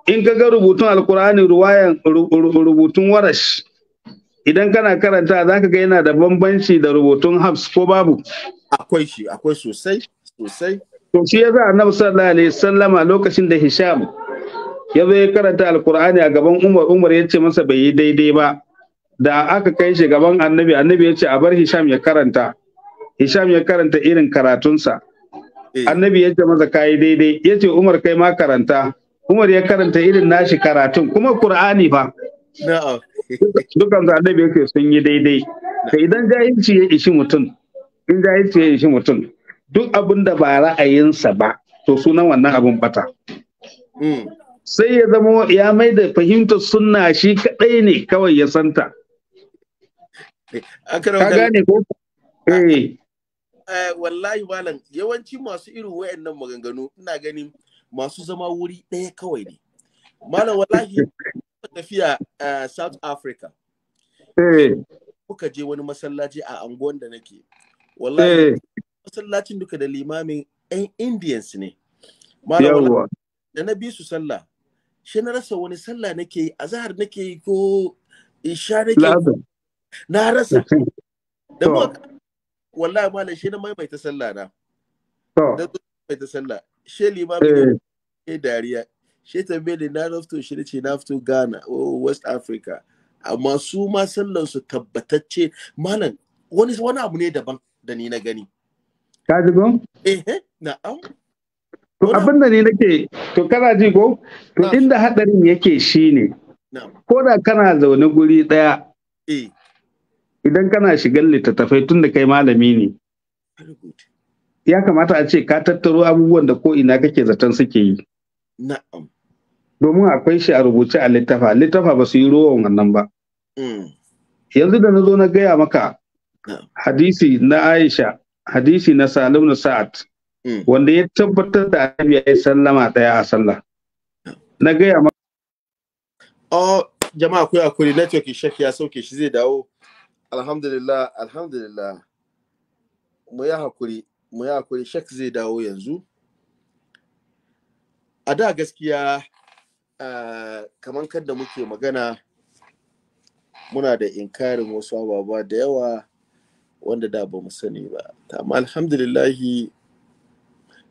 S2: in ka ga rubutun alkur'ani ruwayan rubutun warash idan kana karanta zaka ga yana da bambanci da rubutun Hafs, ko babu akwai shi akwai sosai sosai to shi yasa annabi sallallahu alaihi wasallama lokacin da hisham ya zo ya karanta alkur'ani a gaban umar umar ya ce masa bai yi daidai ba da aka kai shi gaban annabi annabi ya ce a bar hisham ya karanta hisham ya karanta irin karatunsa eh. annabi ya ce masa kayi daidai ya ce umar kai ma karanta umar ya karanta irin nashi karatun kuma qur'ani fa dukan su annabi yake sun yi daidai Ka idan jahilci ya ishi mutum in jahilci ya ishi mutum duk abin da ba ra'ayinsa ba to sunan wannan abin bata hmm. sai ya zama ya mai da fahimtar sunna shi kadai ne kawai ya santa eh, ka gane ko eh.
S1: eh wallahi malam yawanci masu irin wayannan maganganu ina ganin masu zama wuri ɗaya kawai ne malam wallahi tafiya eh, South Africa kuka je wani masallaci a anguwan da nake wallahi masallacin duka da limamin 'yan Indians ne
S3: malam
S1: da na bi su sallah shi na rasa wani sallah nake yi zahar nake yi ko isha nake yi na rasa da mu wallahi malam shi na maimaita sallah na da maimaita sallah shi limami eh. ne dariya she tambaye ne na nafto shi ce na fito Ghana oh, West Africa amma su ma sallan su tabbatacce malam wani wani abu ne daban da ni na gani
S2: ka ji gon eh,
S1: eh na'am
S2: To abin da ne nake to kana ji ko to inda hadarin yake shine ko da kana zaune guri ɗaya? Eh. idan kana shigar littattafai tun da kai malami ne ya kamata a ce ka tattaro abubuwan da ko ina kake zaton suke yi domin akwai shi a rubuce a littafa littafa ba su yi rowan wannan ba mm. yanzu da na zo na gaya maka hadisi na Aisha hadisi na Salim na Sa'ad Mm. wanda ya tabbatar da annabi ya yi sallama ɗaya a sallah na gaya ma oh jama'a ku akwai network shek
S1: ya sauke shi zai dawo alhamdulillah alhamdulillah mu ya hakuri mu ya hakuri shek zai dawo yanzu a da gaskiya kamar kadda muke magana muna da inkarin wasu ababa da yawa wanda da ba mu sani ba amma alhamdulillahi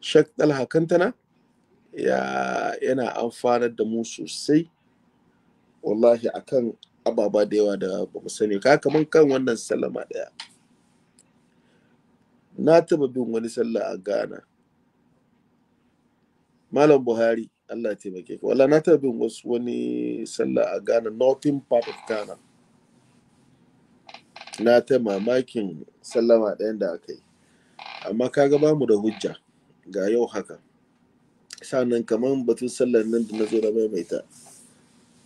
S1: shek ɗalha kantana yana amfanar da mu sosai wallahi akan ababa da yawa da ba mu sani ka kaman kan wannan sallama ɗaya na taba bin wani sallah a ghana malam buhari allah taimake ka wallahi na taba bin wasu wani sallah a ghana northern part of ghana na ta mamakin sallama ɗayan da aka yi amma kaga ba mu da hujja ga yau haka sannan kamar batun sallar nan da na zo na maimaita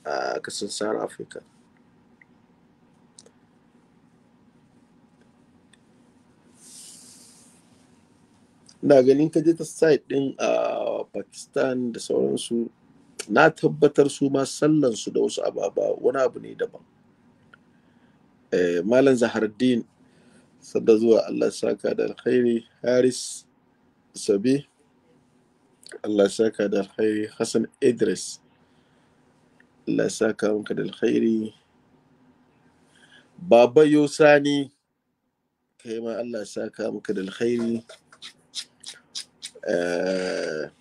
S1: a kasan sahara afirka na ganin ka je ta site din a pakistan da sauransu na tabbatar su ma sallansu da wasu ababa wani abu ne daban eh, malam zahardin sadda zuwa allah saka da alkhairi haris Sabi Allah saka da alkhairi Hassan Idris Allah saka maka da alkhairi Baba Yosani kai ma Allah saka maka da alkhairi eh,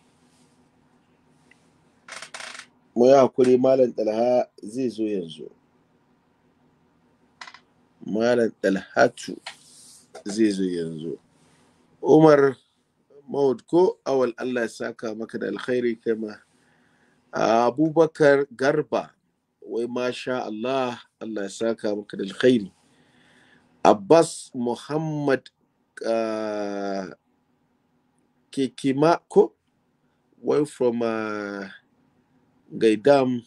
S1: mu yi hakuri malam ɗalha zai zo yanzu malam ɗalhatu zai zo yanzu umar mawud ko awal allah ya saka maka da alkhairi kai ma abubakar garba wai masha allah allah ya saka maka da alkhairi abbas muhammad uh, kekima ko wai from uh, gaidam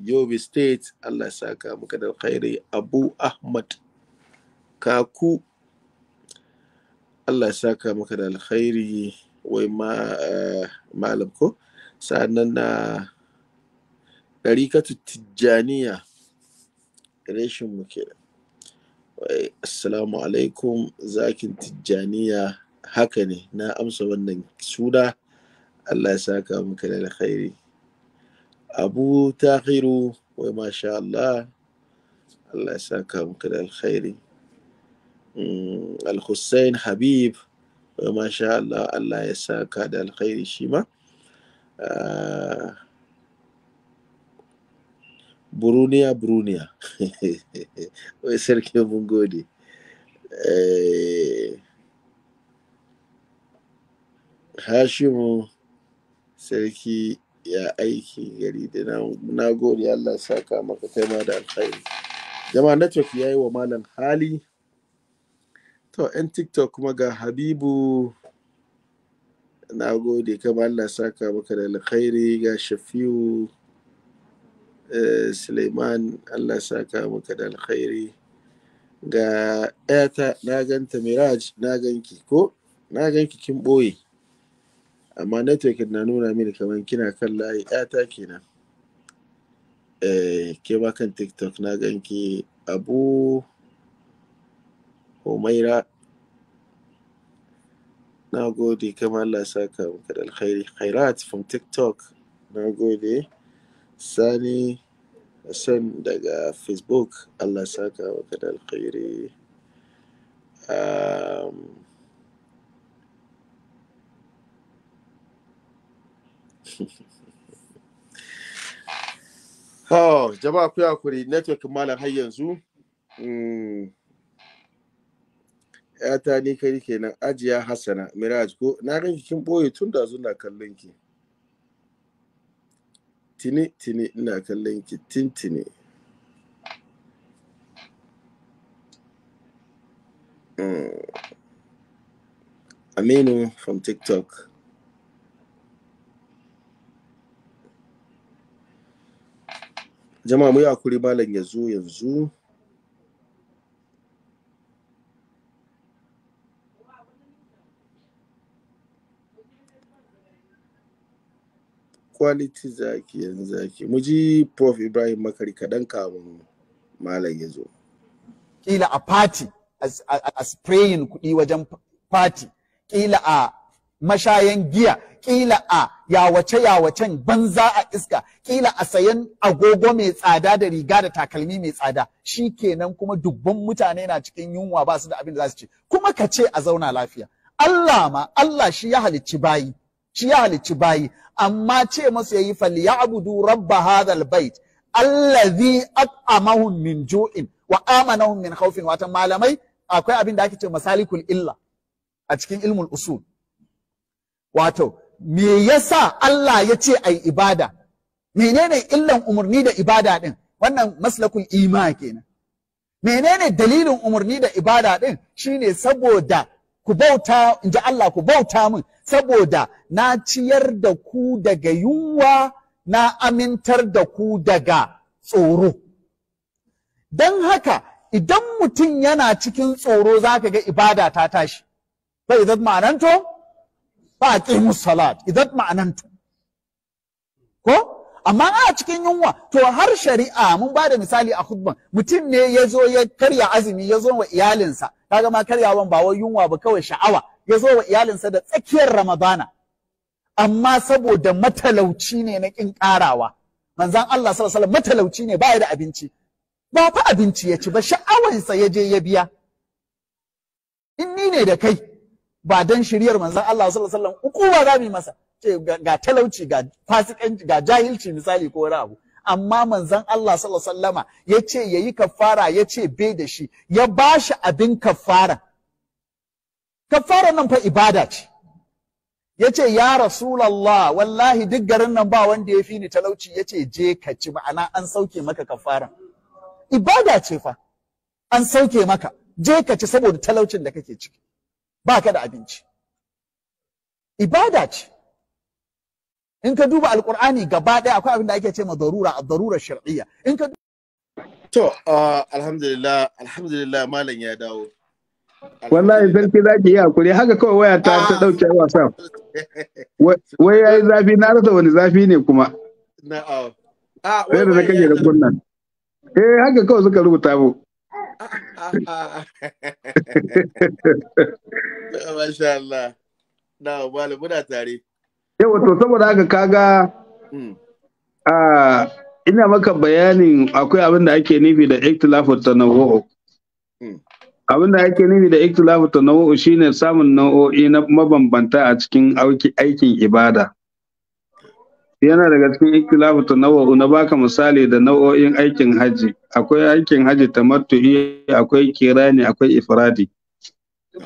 S1: yobe state allah ya saka maka da alkhairi abu ahmad kaku Allah ya saka maka da alkhairi wai ma eh, malam ko sa'annan na ɗarikatu tijjaniya reshin mu kenan assalamu alaikum zakin tijjaniya haka ne na amsa wannan suna allah ya saka maka da alkhairi abu tahiru wai masha allah allah ya saka maka da alkhairi Mm, al-hussein habib eh, masha Allah Allah ya saka da alkhairi shi ma ah, buruniya buruniya <laughs> wai sarki mun gode eh, hashimu sarki ya aiki gari da na gode Allah saka maka kai da alkhairi jama'a network ya yi wa malam hali to 'yan tiktok kuma ga habibu na gode kama allah saka maka da alkhairi ga shafiu eh, suleiman allah saka maka da alkhairi ga ɗayata na ganta miraj na ganki ko na ganki kin ɓoye amma network na nuna mini kamar kina kan layi ɗata kenan eh ke ma tiktok na ganki abu Humaira na gode kama Allah saka maka da alkhairi Khairat from TikTok na gode Sani Hassan daga Facebook Allah saka maka da alkhairi um, oh, jama'a ku hakuri network malam har yanzu mm. yata ni kai kenan ajiya hassana miraj ko na gan kin boye tun da na kallon ki tini tini ina kallon ki tintini mm. aminu from tiktok jama'a mu yi kuri malam ya zo yanzu quality zaki yanzu zaki mu ji prof ibrahim makari kaɗan kamun malam ya zo
S3: kila a party a spraying kuɗi wajen party kila a mashayan giya kila a yawace yawacen banza a iska kila a sayan agogo mai tsada da riga da takalmi mai tsada shi kenan kuma dubban mutane na cikin yunwa ba su da abin da za su ci kuma ka ce a zauna lafiya Allah ma Allah shi ya halicci bayi shi ya halicci bayi amma ce masu yayi falyabudu rabba hadhal bait allazi at'amahum min ju'in wa amanahum min khawfin wata malamai akwai abin da ake ce masalikul illa a cikin ilmul usul wato me yasa Allah ya ce ai ibada menene illan umarni da ibada din wannan maslakul ima kenan menene dalilin umarni da ibada din shine saboda ku bauta in ji Allah ku bauta min saboda na ciyar da ku daga yunwa na amintar da ku daga tsoro don haka idan mutum yana cikin tsoro za ka ga ibada ta tashi ba idan ma'ananto ba aqimu salat idan ma'ananto ko amma a cikin yunwa to har shari'a mun ba da misali a khutban mutum ne ya zo ya karya azumi ya zo wa iyalinsa kaga ma karyawan ba wai yunwa ba kawai sha'awa ya zo wa iyalinsa da tsakiyar ramadana amma saboda matalauci ne na kin karawa manzon Allah sallallahu alaihi wasallam matalauci ne baya da abinci ba fa abinci ya ci ba sha'awansa ya je ya biya in ni ne da kai ba dan shiryar manzon Allah sallallahu alaihi wasallam uku ba za mu yi masa ga talauci ga fasikanci ga jahilci misali ko wani abu amma manzon Allah sallallahu ya wasallama yace yayi kafara yace bai da shi ya ba shi abin kafara kafara nan fa ibada ce yace ya rasulullah wallahi duk garin nan ba wanda ya fi ni talauci yace je ka ci ma'ana an sauke maka kafara ibada ce fa an sauke maka je ka ci saboda talaucin da kake ciki ba ka da abinci ibada ce in ka duba alkur'ani gaba ɗaya akwai abin da ake ce ma darura a darura shar'iyya in ka to ah,
S1: alhamdulillah alhamdulillah malam ya dawo
S2: wallahi sarki zaki yi hakuri haka kawai waya ta ta dauke ah. wasa <laughs> wai yayi zafi na rasa wani zafi ne kuma na'a a ah, wai da kake da kunnan eh haka kawai suka rubuta mu <laughs>
S1: Masha Allah. Na, muna tare.
S2: yawa to saboda haka kaga hmm. ina maka bayanin akwai abin da ake nufi da ikhtilafu tanawu'u hmm. abin da ake nufi da ikhtilafu tanawu'u shine samun nau'o'i na mabambanta a cikin aikin ibada yana daga cikin ikhtilafu tanawu'u na baka misali da nau'o'in aikin haji akwai aikin haji tamattu'i akwai kirani akwai ifradi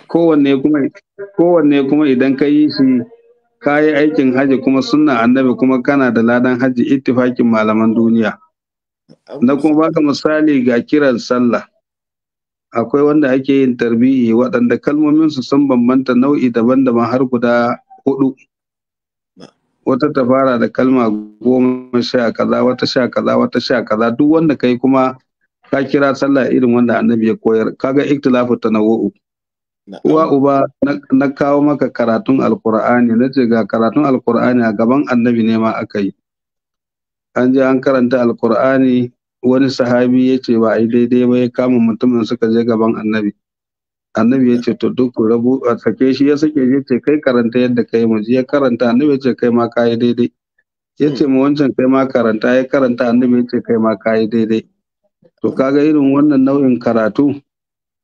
S2: kowanne kuma kowanne kuma idan ka yi shi ka yi aikin haji kuma sunna annabi kuma kana da ladan haji ittifakin malaman duniya na kuma baka misali ga kiran sallah akwai wanda ake yin tarbihi waɗanda kalmomin su sun bambanta nau'i daban-daban har guda hudu wata ta fara da kalma goma sha kaza wata sha kaza wata sha kaza duk wanda kai kuma ka kira sallah irin wanda annabi ya koyar kaga ikhtilafu tanawu'u uwa uba na kawo maka karatun alkur'ani na ce ga karatun alkur'ani a gaban annabi ne ma aka yi an je an karanta alkur'ani wani sahabi ya ce ba a yi daidai ba ya kama mutumin suka je gaban annabi annabi ya ce to duk rabu a sake shi ya sake ya ce kai karanta yadda kai mu ya karanta annabi ya ce kai ma ka yi daidai ya ce ma wancan kai ma karanta ya karanta annabi ya ce kai ma ka yi daidai to kaga irin wannan nau'in karatu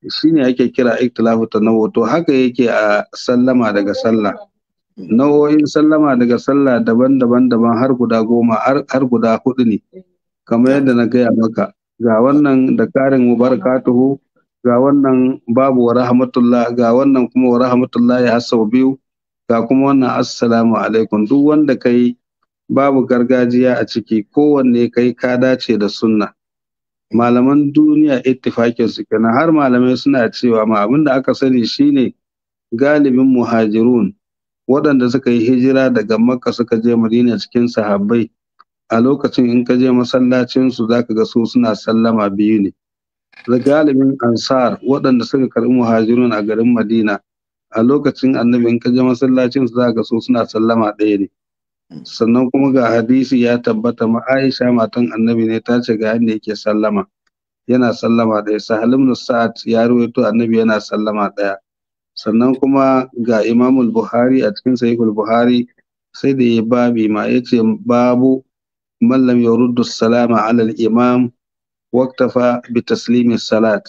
S2: shine ake kira ta tanawu to haka yake a sallama daga sallah nau'o'in sallama daga sallah daban-daban daban har guda goma har guda hudu ne kamar yadda na gaya maka ga wannan da karin mubarakatuhu ga wannan babu wa rahmatullah ga wannan kuma wa rahmatullah ya hasau biyu ga kuma wannan assalamu alaikum duk wanda kai babu gargajiya a ciki kowanne kai ka dace da sunna malaman duniya ittifakin su kenan har malamai suna cewa ma abin da aka sani shine galibin muhajirun waɗanda suka yi hijira daga makka suka je madina cikin sahabbai a lokacin in ka je masallacin su zaka ga su suna sallama biyu ne Da galibin ansar waɗanda suka karɓi muhajirun a garin madina a lokacin annabi in ka je masallacin su zaka ga su suna sallama ɗaya ne sannan kuma ga hadisi ya tabbata ma Aisha matan annabi ne ta ce ga yadda yake sallama yana sallama ɗaya sahal ibn sa'ad ya ruwaito annabi yana sallama ɗaya sannan kuma ga imamul buhari a cikin al buhari sai da ya babi ma yace babu mallam lam yuruddu salama alal imam waktafa bi taslimi salat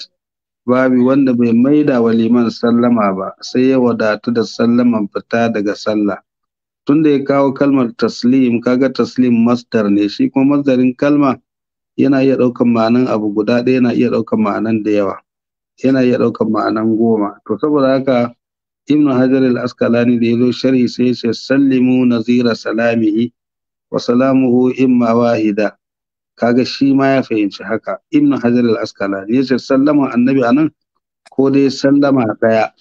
S2: babi wanda bai maida wa liman sallama ba sai ya wadatu da sallaman fita daga sallah tunda ya kawo kalmar taslim kaga taslim masdar ne shi kuma masdarin kalma yana iya ɗaukan ma'anan abu guda ɗaya yana iya ɗaukan ma'anan da yawa yana iya ɗaukan ma'anan goma to saboda haka ibn hajar al-asqalani da yazo sharhi sai ya ce sallimu nazira salamihi wa salamuhu imma wahida kaga shi ma ya fahimci haka ibn hajar al-asqalani ce sallama annabi anan ko dai sallama daya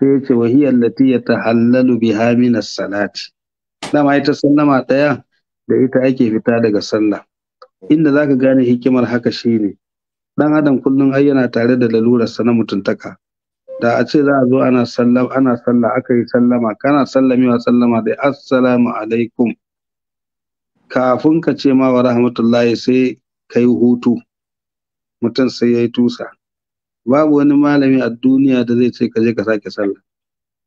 S2: sai ya ce hiya lati yatahallalu biha min as-salati dama ita sallama ɗaya da ita ake fita daga sallah inda za ka gane hikimar haka shine dan adam kullum ai yana tare da lalurarsa na mutuntaka da a ce za a zo ana sallam ana sallah aka yi sallama kana sallamewa sallama da assalamu alaikum kafin ka ce ma wa rahmatullahi sai kai hutu mutum sai ya yi tusa babu wani malami a duniya da zai ce ka je ka sake sallah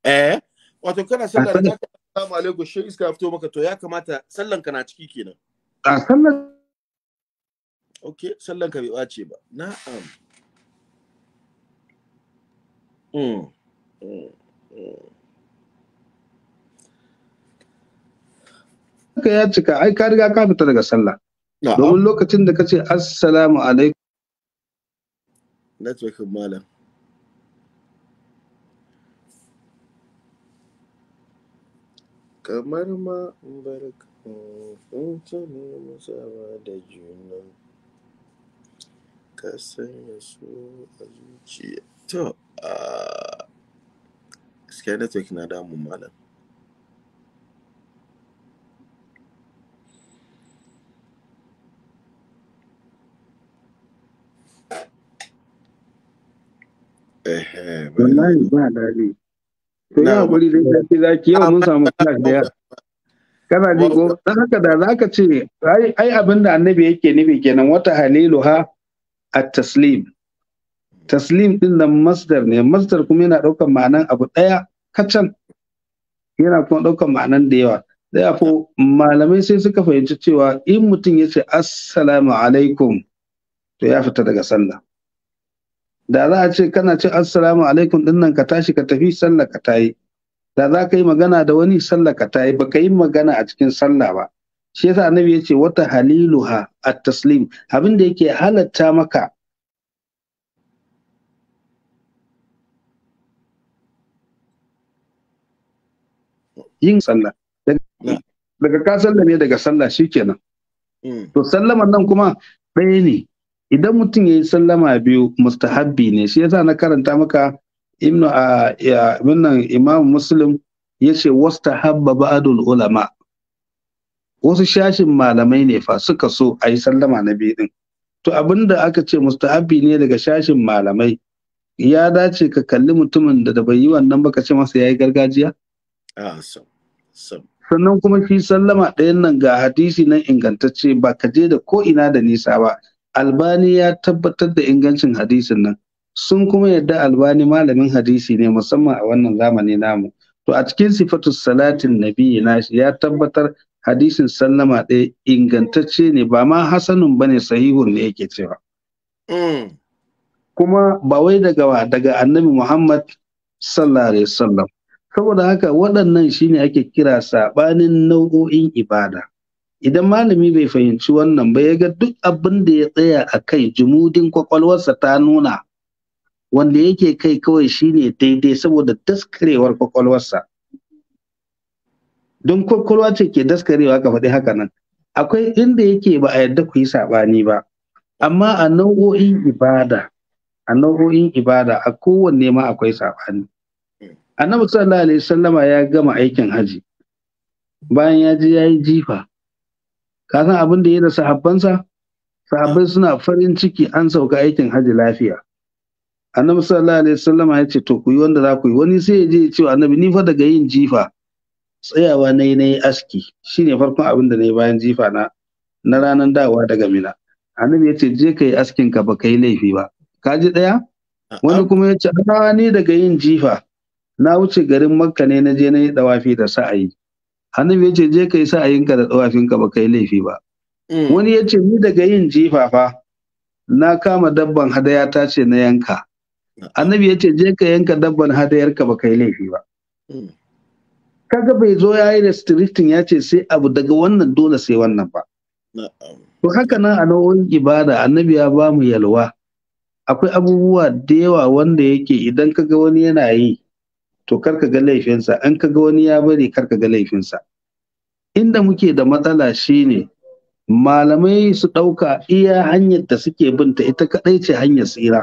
S2: eh
S1: wato kana sallah Assalamu alaikum shi iska fito maka to ya kamata sallan ka na ciki kenan. A sallan Ok, sallan ka bai ɓace ba. Na'am. Mm, mm, mm.
S2: haka ya cika ai ka riga ka fita daga sallah domin lokacin da ka ce assalamu alaikum
S1: network malam kamar ma in bar tsince ne da juna ka sanya so a zuciya to na damun malam
S2: Wallahi ba to yi hakuri da zafi zaki yau mun samu <laughs> clash da kana ji ko dan haka da zaka ce ai abin da annabi yake nufi kenan wata ha at taslim taslim din nan masdar ne masdar kuma yana ɗaukar ma'anan abu ɗaya kacan yana kuma ɗaukar ma'anan da yawa da ko malamai sai suka fahimci cewa in mutum ya ce assalamu alaikum to ya fita daga sallah da za a ce kana ce assalamu alaikum din nan ka tashi ka tafi sallah ka tayi da za ka yi magana da wani sallah ka tayi ba ka yi magana a cikin sallah ba shi yasa annabi ya ce wata haliluha at taslim abin da yake halatta maka yin sallah daga ka sallame daga sallah shikenan mm. to sallaman nan kuma ɗaya ne idan mutum ya yi sallama biyu mustahabbi ne shi yasa na karanta maka ibnu a wannan imam muslim ya ce wastahabba ba'dul ulama wasu shashin malamai ne fa suka so a yi sallama na biyu din to abinda aka ce mustahabbi ne daga shashin malamai ya dace ka kalli mutumin da bai yi wannan ba ka ce masa yayi gargajiya ah, sannan kuma shi sallama ɗayan nan ga hadisi nan ingantacce ba ka je da ko ina da nisa ba albani ya tabbatar da ingancin hadisin nan sun kuma yadda albani malamin hadisi ne musamman a wannan zamani namu to a cikin sifatu salatin nabi nashi ya tabbatar hadisin sallama ɗaya ingantacce ne ba ma hasanun ne sahihun ne yake cewa mm. kuma ba wai daga wa daga annabi muhammad sallallahu alaihi wasallam saboda haka waɗannan shine ake kira sabanin nau'o'in ibada idan malami bai fahimci wannan ba ya ga duk abin da ya tsaya a kai jumudin kwakwalwarsa ta nuna wanda yake kai kawai shine daidai saboda daskarewar kwakwalwarsa don kwakwalwa ce ke daskarewa ka faɗi haka nan akwai inda yake ba a yarda ku yi saɓani ba amma a nau'o'in ibada a nau'o'in ibada a kowanne ma akwai saɓani annabi sallallahu alaihi Sallama ya gama aikin haji bayan ya ji ya yi jifa ka abin da ya da sahabbansa sahabbai suna farin ciki an sauka aikin hajji lafiya annabi sallallahu alaihi wasallam ya ce to ku yi wanda za ku yi wani sai ya je ya ce annabi ni fa daga yin jifa tsayawa na yi na yi aski shine farkon abin da na yi bayan jifa na na ranar dawa daga mina annabi ya ce je ka yi askin ka ba ka yi laifi ba ka ji ɗaya wani kuma ya ce ni daga yin jifa na wuce garin makka ne na je na yi dawafi da sa'ayi annabi ya ce je ka yi sa'ayinka da tsawafinka ba kai laifi ba mm. wani ya ce ni daga yin jifa na kama dabban hadaya ta ce na yanka annabi ya ce je ka yanka dabban hadayarka ba kai laifi ba mm. kaga bai zo ya yi restricting ya ce sai abu daga wannan dole sai wannan ba to haka nan a nau'in ibada annabi ya ba mu yalwa akwai abubuwa da yawa wanda yake idan kaga wani yana yi to kar ka ga laifinsa in ka ga wani ya bari kar ka ga laifinsa inda muke da matsala shine malamai su ɗauka iya hanyar da suke binta ita kaɗai ce hanyar tsira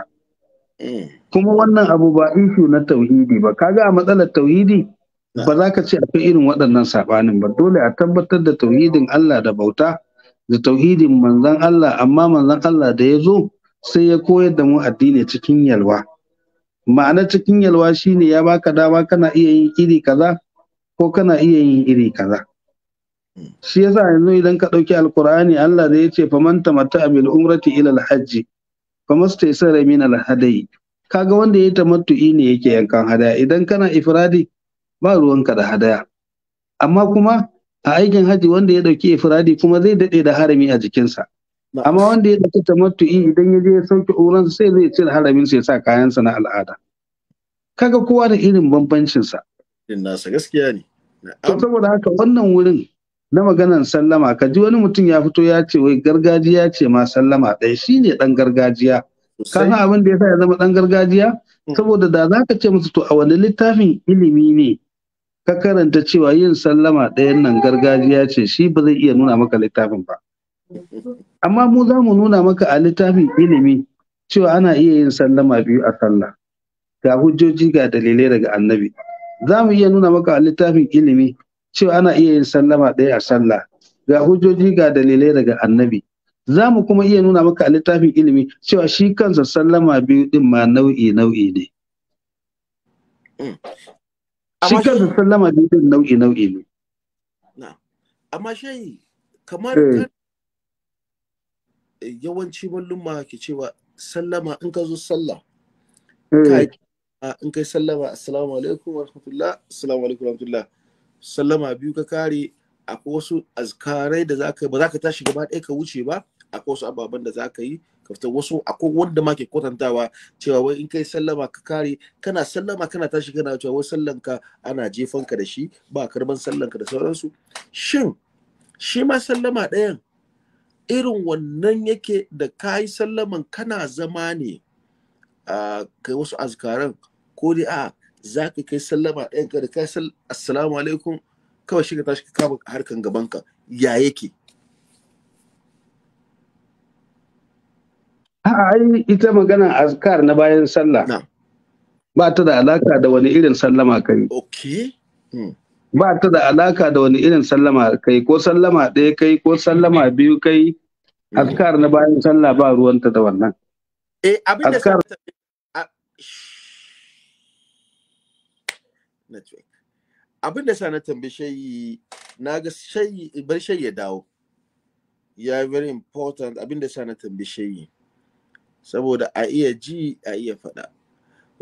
S2: eh. kuma wannan abu ba ishu na tauhidi ba kaga a matsalar tauhidi ba za ka ce akwai irin waɗannan saɓanin ba dole a tabbatar da tauhidin Allah da bauta da tauhidin manzon Allah amma manzon Allah da ya zo sai ya koyar da mu addini cikin yalwa ma'anar cikin yalwa shine ya baka dama kana iya yin iri kaza ko kana iya yin iri kaza shi yasa yanzu idan ka ɗauki alkur'ani Allah zai ya fa man tamatta bil umrati ila fa famastaysara min hada'i kaga wanda ya tamattu'i ne yake yankan hadaya idan kana ifradi ba ruwanka da hadaya amma kuma a aikin haji wanda ya ɗauki ifradi kuma zai dade da harami a jikinsa amma wanda ya zaki tamattu'i idan ya je ya sauke uran sai zai cire haramin sai kayan sa na al'ada kaga kowa da irin bambancin sa din nasa gaskiya ne to saboda haka wannan wurin na maganan sallama ka ji wani mutum ya fito ya ce wai gargajiya ce ma sallama ɗaya shine dan gargajiya ka san abin da yasa ya zama dan gargajiya hmm. saboda da zaka ce musu to a wani littafin ilimi ne ka karanta cewa yin sallama ɗayan nan gargajiya ce shi ba zai iya nuna maka littafin ba amma mu za mu nuna maka a littafin ilimi cewa ana iya yin sallama biyu a sallah ga hujjoji ga dalilai daga annabi za mu iya nuna maka a littafin ilimi cewa ana iya yin sallama ɗaya a sallah ga hujjoji ga dalilai daga annabi za mu kuma iya nuna maka a littafin ilimi cewa shi kansa sallama biyu din ma nau'i nau'i ne
S3: hmm. shi kansa sallama biyu nau'i nau'i ne
S1: amma shi kamar eh. yawanci mallumma ke cewa sallama in ka zo sallah hmm. in kai sallama assalamu alaikum warahmatullah assalamu alaikum warahmatullah sallama biyu ka kare akwai wasu azkarai da zaka ba zaka tashi gaba ɗaya ka wuce ba akwai wasu ababen da zaka yi ka fita wasu akwai wanda ma ke kwatantawa cewa wai in kai sallama ka kare kana sallama kana tashi kana cewa wai sallanka ana jefan ka da shi ba karban sallanka da sauransu shin shi ma sallama ɗayan irin wannan yake da ka yi sallaman kana zama ne a kai wasu azkaran ko dai a za ka kai sallama ɗayan ka da yi assalamu alaikum kawai shi ka tashi kama harkan gabanka ya yake
S2: A'a ai ita magana azkar na bayan sallah ba ta da alaka da wani irin sallama kai. Okay. Hmm. ba ta da alaka da wani irin sallama kai ko sallama ɗaya kai ko sallama biyu kai askar na bayan sallah ba ruwanta da wannan eh abin da sa
S1: na tambi shayi na ga shayi bar shayi ya dawo ya yi very important abin da sa na tambi shayi saboda a iya ji a iya faɗa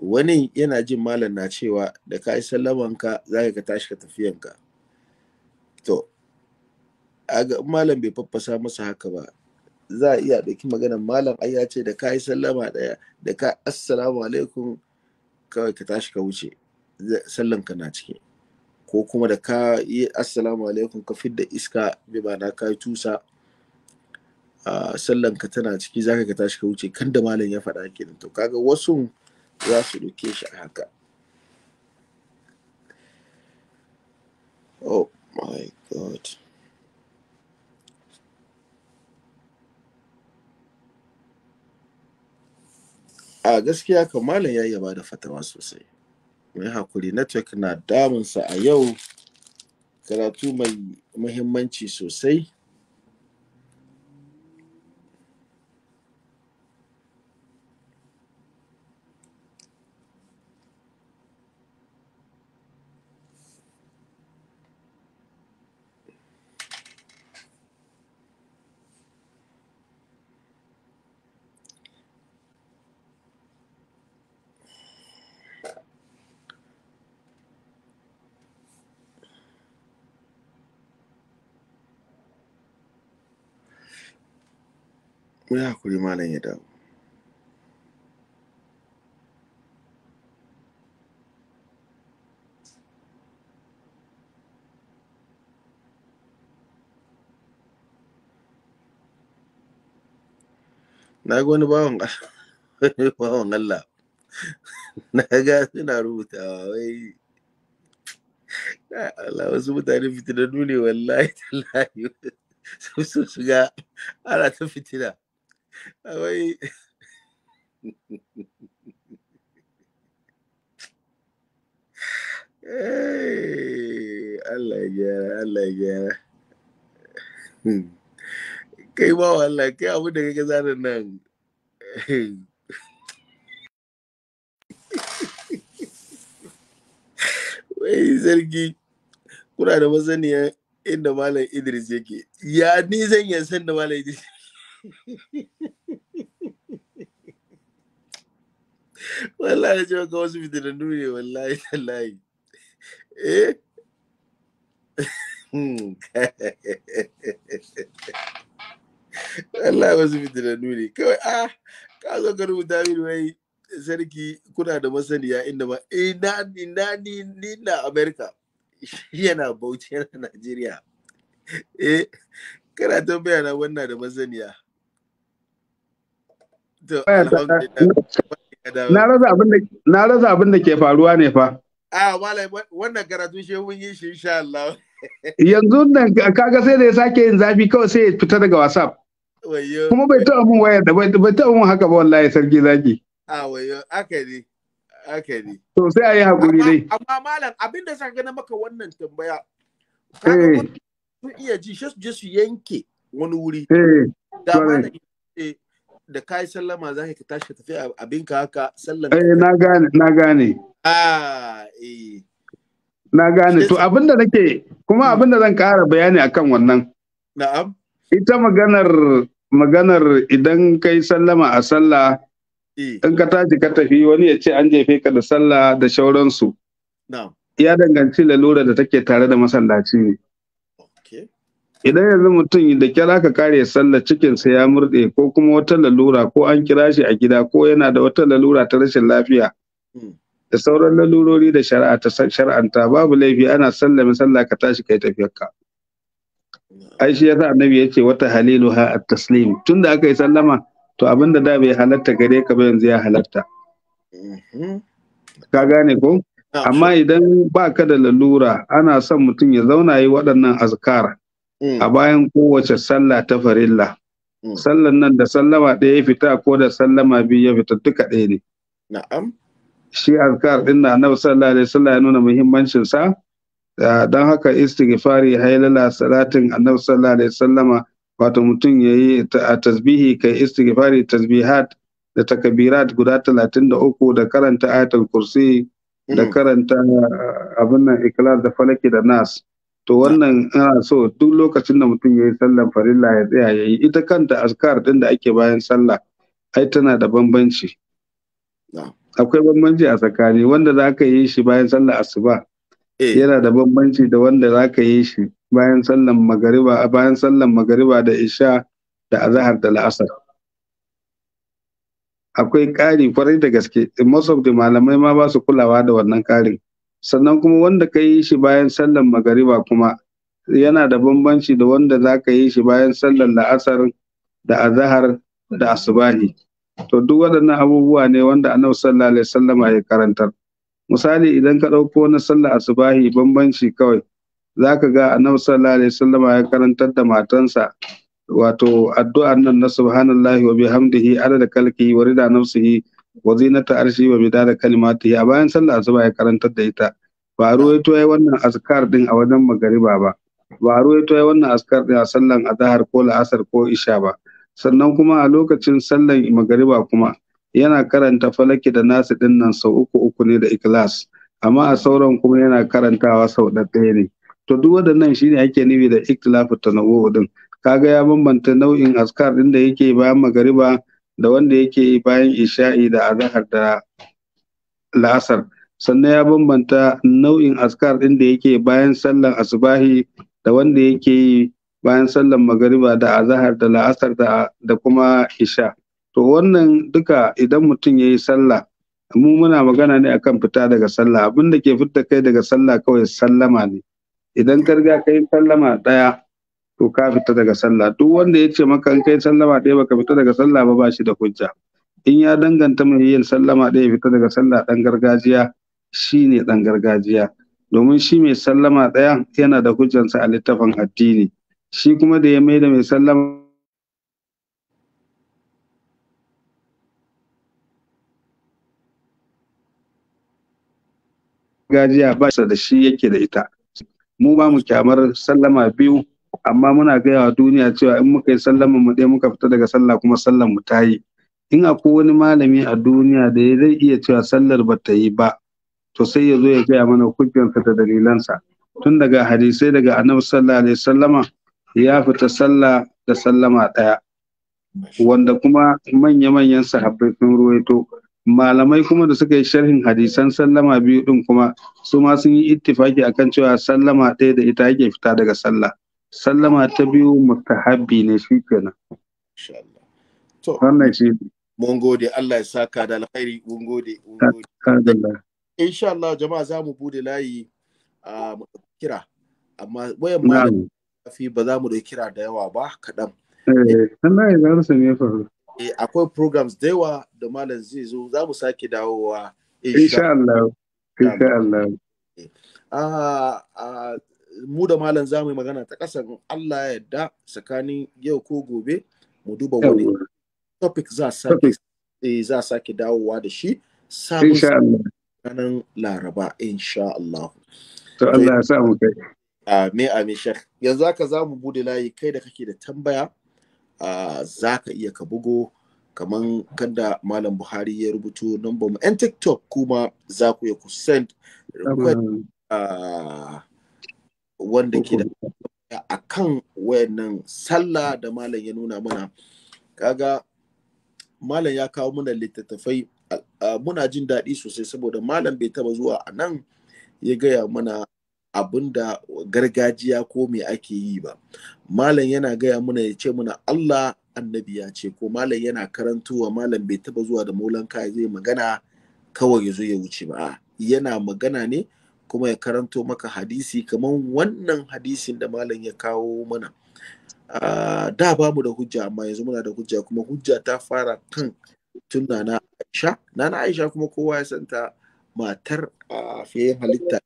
S1: wani yana jin malam na cewa da ka yi sallamanka za ka tashi ka tafiyanka to aga malam bai faffasa masa haka ba za a iya ɗauki magana. malam ai ya ce da ka yi sallama ɗaya da ka assalamu alaikum kawai ka tashi ka wuce sallanka na ciki ko kuma da ka yi assalamu alaikum ka fidda iska bai ba na ka yi tusa sallanka tana ciki za ka tashi ka wuce kan da malam ya faɗa kenan to kaga wasu za su ɗauke shi a haka oh my god a gaskiya kamala ya yi ba da fatawa sosai mai hakuri network na damunsa a yau karatu mai muhimmanci sosai Mu yi hakuri malam ya dawo. Na ga wani bawan <laughs> bawan Allah. <laughs> Na ga suna rubutawa wai Allah wasu mutane fitinannu ne wallahi <laughs> tallahi su su shiga ana ta fitina. wai Allah ya Allah ya kai ba wallah kai abu da kake zanen nan wai zargi kuna da masaniya inda malam idris yake ya ni zan san da idris wallahi jiwa ce ka wasu fitinannu ne wallahi tallahi eh <laughs> wallahi wasu fitinannu ne kawai a ah, ka zo ka rubuta min wai sarki kuna da masaniya inda ma ina na, ni ni na amerika yana bauchi yana najeriya eh kana tambaya na wannan da masaniya
S2: Na rasa abin da ke faruwa ne fa.
S1: A ah, malai wannan karatu shi mun yi shi insha Allah.
S2: <laughs> Yanzu nan kaga sai da ya sake yin zafi kawai sai ya fita daga WhatsApp. Kuma bai taɓa mun wayar da bai taɓa mun haka ba wallahi sarki zaki.
S1: A ah, wayo aka ne. Aka ne.
S2: To sai a yi haƙuri dai.
S1: Amma malam abin da sa gana maka wannan tambaya.
S2: Kaga eh. sun
S1: iya ji shi su je su yanke wani wuri. Eh. Da malam da kai sallama za ka tashi ka tafi abinka haka sallama eh na
S2: gane na gane ah eh na gane to abinda nake kuma abinda zan ƙara bayani akan wannan na'am ita maganar maganar idan kai sallama a sallah eh. in ka tashi ka tafi wani ya ce an jefe ka da sallah da shauransu ya danganci lalura da take tare da masallaci ne idan yanzu mutum da kyar ka kare sallah sa ya murɗe ko kuma wata lalura ko an kira shi a gida ko yana da wata lalura ta rashin lafiya hmm. da sauran lalurori da shari'a ta shar'anta babu laifi ana sallame sallah ka tashi kai tafiyarka ai shi yasa annabi yace wata haliluha at-taslim tunda aka yi sallama to abinda da bai halarta gare ka ba yanzu ya halarta. Mm-hmm. ka gane ko amma idan baka da lalura ana son mutum ya zauna yi waɗannan azkara Mm. a bayan kowace sallah ta farilla mm. sallan nan da sallama ɗaya ya fita ko da sallama biyu ya fita duka ɗaya ne na'am shi azkar din na annabi sallallahu alaihi wasallam ya nuna muhimmancin sa dan haka istighfari haylala salatin annabi sallallahu alaihi wasallama wato mutum yayi tasbihi kai istighfari tasbihat da takabirat guda 33 da karanta ayatul kursi da mm. karanta abin nan ikhlas da falaki da nas to wannan ana so duk lokacin da mutum ya yi sallan farilla ya tsaya ya yi ita kanta askar din da ake bayan sallah ai tana da bambanci akwai bambanci a tsakani wanda za ka yi shi bayan sallah asuba eh. yana da bambanci da wanda za ka yi shi bayan sallar magariba bayan sallan magariba da isha da azahar da la'asar akwai ƙari kwarai da gaske most of the malamai ma ba su kulawa da wannan ƙarin sannan kuma wanda ka yi shi bayan sallan magariba kuma yana da bambanci da wanda za ka yi shi bayan sallan la'asar da azahar da asubahi to duk waɗannan abubuwa ne wanda annabi sallallahu alaihi sallama ya karantar misali idan ka ɗauko na sallar asubahi bambanci kawai za ka ga annabi sallallahu alaihi sallama ya karantar da matansa wato addu'an nan na subhanallahi wa bihamdihi adada kalki wa rida nafsihi wazinata arshi wa da kalimati a bayan sallah asuba ya karantar da ita ba ruwaito yayi wannan azkar din a wajen magariba ba ba ruwaito yayi wannan askar din a sallan azhar ko la'asar ko isha ba sannan kuma a lokacin sallan magariba kuma yana karanta falaki da nasu din nan sau uku uku ne da ikhlas amma a sauran kuma yana karantawa sau ɗaya ne to duk waɗannan shine ake nufi da ikhtilafu tanawu din kaga ya bambanta nau'in askar din da yake bayan magariba da wanda yake yi bayan isha'i da azahar da la'asar sannan ya bambanta nau'in askar ɗin da yake bayan sallan asubahi da wanda yake yi bayan sallar magariba da azahar da la'asar da, kuma isha to wannan duka idan mutum ya yi sallah mu muna magana ne akan fita daga sallah abinda ke fita kai daga sallah kawai sallama ne idan ka riga ka yi sallama ɗaya to ka fita daga sallah duk wanda ya ce maka kai sallama ɗaya baka fita daga sallah ba ba shi da hujja in ya danganta mai yin sallama ɗaya fita daga sallah ɗan gargajiya shi ne ɗan gargajiya domin shi mai sallama ɗaya yana da hujjansa a littafin addini shi kuma da ya mai da mai sallama gargajiya ba da shi yake da ita mu ba mu kyamar sallama biyu amma muna gaya wa duniya cewa in muka yi sallama mu ɗaya muka fita daga sallah kuma sallar mu ta yi in akwai wani malami a duniya da ya zai iya cewa sallar ba ta yi ba to sai ya zo ya gaya mana hukuncinsa da dalilansa tun daga hadisai daga annabi sallallahu alaihi sallama ya fita sallah da sallama ɗaya wanda kuma manya-manyan sahabbai sun ruwaito malamai kuma da suka yi sharhin hadisan sallama biyu din kuma su ma sun yi ittifaki akan cewa sallama ɗaya da ita yake fita daga sallah sallama ta biyu mustahabbi ne shi kenan insha Allah to wannan shi mun
S1: gode Allah ya sa ka da alkhairi mun gode
S2: mun gode
S1: insha Allah jama'a za mu bude layi a kira amma wayan ma fi ba za mu da kira da yawa ba kaɗan.
S2: Eh, Allah ya zama sa ya faru.
S1: Eh, akwai programs da yawa da malam zai zo za mu sake dawowa.
S2: Insha Allah. Insha Allah.
S1: Eh, mu da malam za mu yi magana ta ƙasa Allah ya yarda tsakanin yau ko gobe mu duba wani topic eh, za a sake dawowa da shi sabon ranar laraba insha Allah.
S3: To Allah ya sa mu kai.
S1: Ame ame shek. Yanzu aka za mu bude layi kai da kake da tambaya za ka iya ka bugo kaman kada Malam Buhari ya rubuto number mu. 'Yan TikTok kuma za ku iya ku send request. wanda ke da a kan wayannan sallah da malam ya nuna mana kaga malam ya kawo mana littattafai muna jin daɗi sosai saboda malam bai taba zuwa a nan ya gaya mana abin da gargajiya ko me ake yi ba malam yana gaya mana ya ce mana allah annabi ya ce ko malam yana karantowa malam bai taba zuwa da maulanka zai magana kawai ya zo ya wuce ba yana magana ne kuma ya karanto maka hadisi kamar wannan hadisin da malam ya kawo mana ah, da ba mu da hujja amma yanzu muna da hujja kuma hujja ta fara kan tun na aisha na aisha kuma kowa ya santa matar a ah, fiye halitta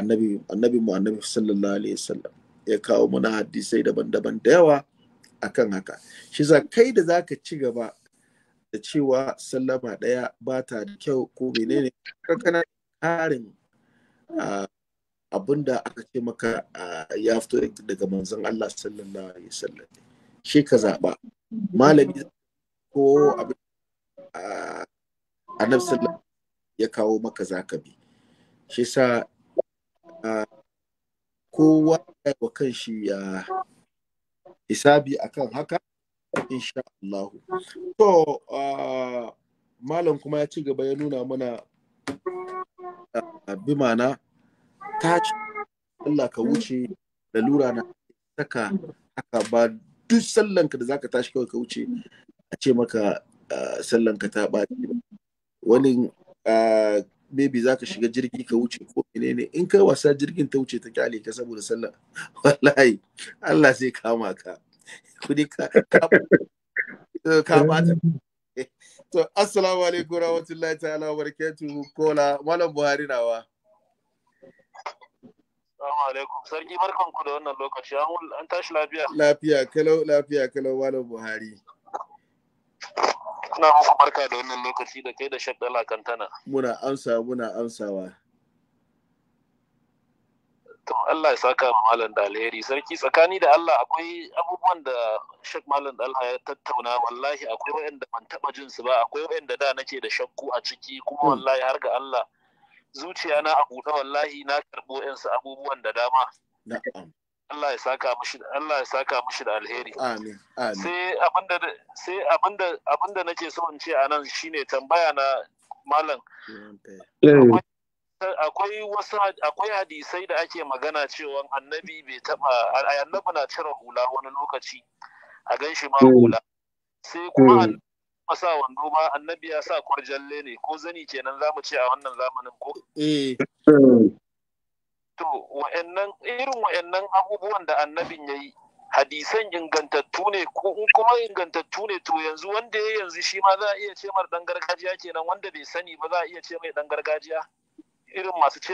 S1: annabi annabi mu annabi sallallahu alaihi wasallam ya kawo mana hadisai daban-daban da yawa akan haka shi za kai da zaka ci gaba da cewa sallama ɗaya ba ta da kyau ko menene kana karin Ah, abin da aka ce maka ah, ya fito daga manzon Allah sallallahu alaihi wasallam shi ka zaɓa malami ko abin ah, annabi sallallahu ya kawo maka zaka bi shi sa kowa ya wa shi ya hisabi akan haka insha Allah to malam kuma ya ci gaba ya nuna mana bi mana ta ce Allah ka wuce lalura na saka haka ba duk sallanka da zaka tashi kawai ka wuce a ce maka sallanka ta ɓaci ba wani maybe za ka shiga jirgi ka wuce ko menene in kai wasa jirgin ta wuce ta kyale ka saboda sallah <laughs> wallahi Allah zai kama ka kudi ka ka To, assalamu alaikum rahmatullahi ta'ala wa barakatuhu kola malam Buhari nawa.
S2: Assalamu alaikum. Sarki barkan ku da wannan lokaci. An tashi lafiya.
S1: Lafiya kalau lafiya kalau malam Buhari.
S2: Ina muku barka da wannan lokaci da kai da Shadda
S1: kantana. Muna amsa muna amsawa. to Allah ya saka ma malam da alheri sarki tsakani da Allah akwai abubuwan da Sheikh Malam da Allah ya tattauna wallahi akwai waɗanda ban taɓa jin su ba akwai waɗanda da nake da shakku a ciki kuma hmm. wallahi har ga Allah zuciya na a buɗe wallahi na karɓo yansu abubuwan da dama. Allah ya saka mushi Allah ya saka mushi da alheri. Amin. Amin. Sai abinda sai abinda abinda nake so in ce anan shine tambaya na malam. akwai wasu
S2: akwai hadisai da ake magana cewa annabi bai taba annabi na cire hula wani lokaci a gan shi ma hmm. hula sai kuma hmm. ba sa wando ba annabi ya sa kwarjalle ne ko zani kenan zamu ce a wannan zamanin ko eh. hmm. to wa'annan
S1: irin wa'annan abubuwan da annabin yayi hadisan ingantattu ne ko kuma ingantattu ne to yanzu wanda ya yanzu shi ma za a iya ce mar dan gargajiya kenan wanda bai sani ba za a iya ce mai dan gargajiya
S2: irin masu ce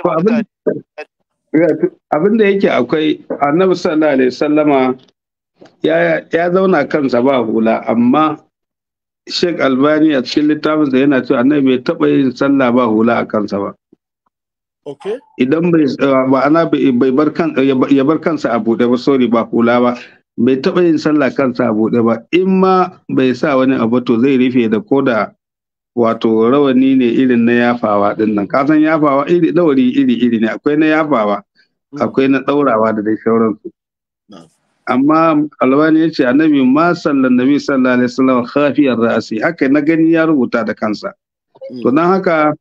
S2: abin da yake akwai annabi sallallahu alaihi sallama ya zauna kansa ba hula amma Sheikh Albani a cikin littafin da yana cewa annabi bai taɓa yin sallah ba hula a kansa ba. Idan bai ma'ana bai bar kan ya bar kansa a buɗe ba sorry ba hula ba bai taɓa yin sallah kansa a buɗe ba in ma bai sa wani abu to zai rufe da koda wato rawani ne irin na yafawa din nan kasan yafawa iri ɗauri iri iri ne akwai na yafawa hmm. akwai na ɗaurawa da dai sauransu amma alwani ya ce annabi ma sallan nabi sallallahu alaihi wasallam khafiyar ra'si haka na gani ya rubuta da kansa hmm. to dan haka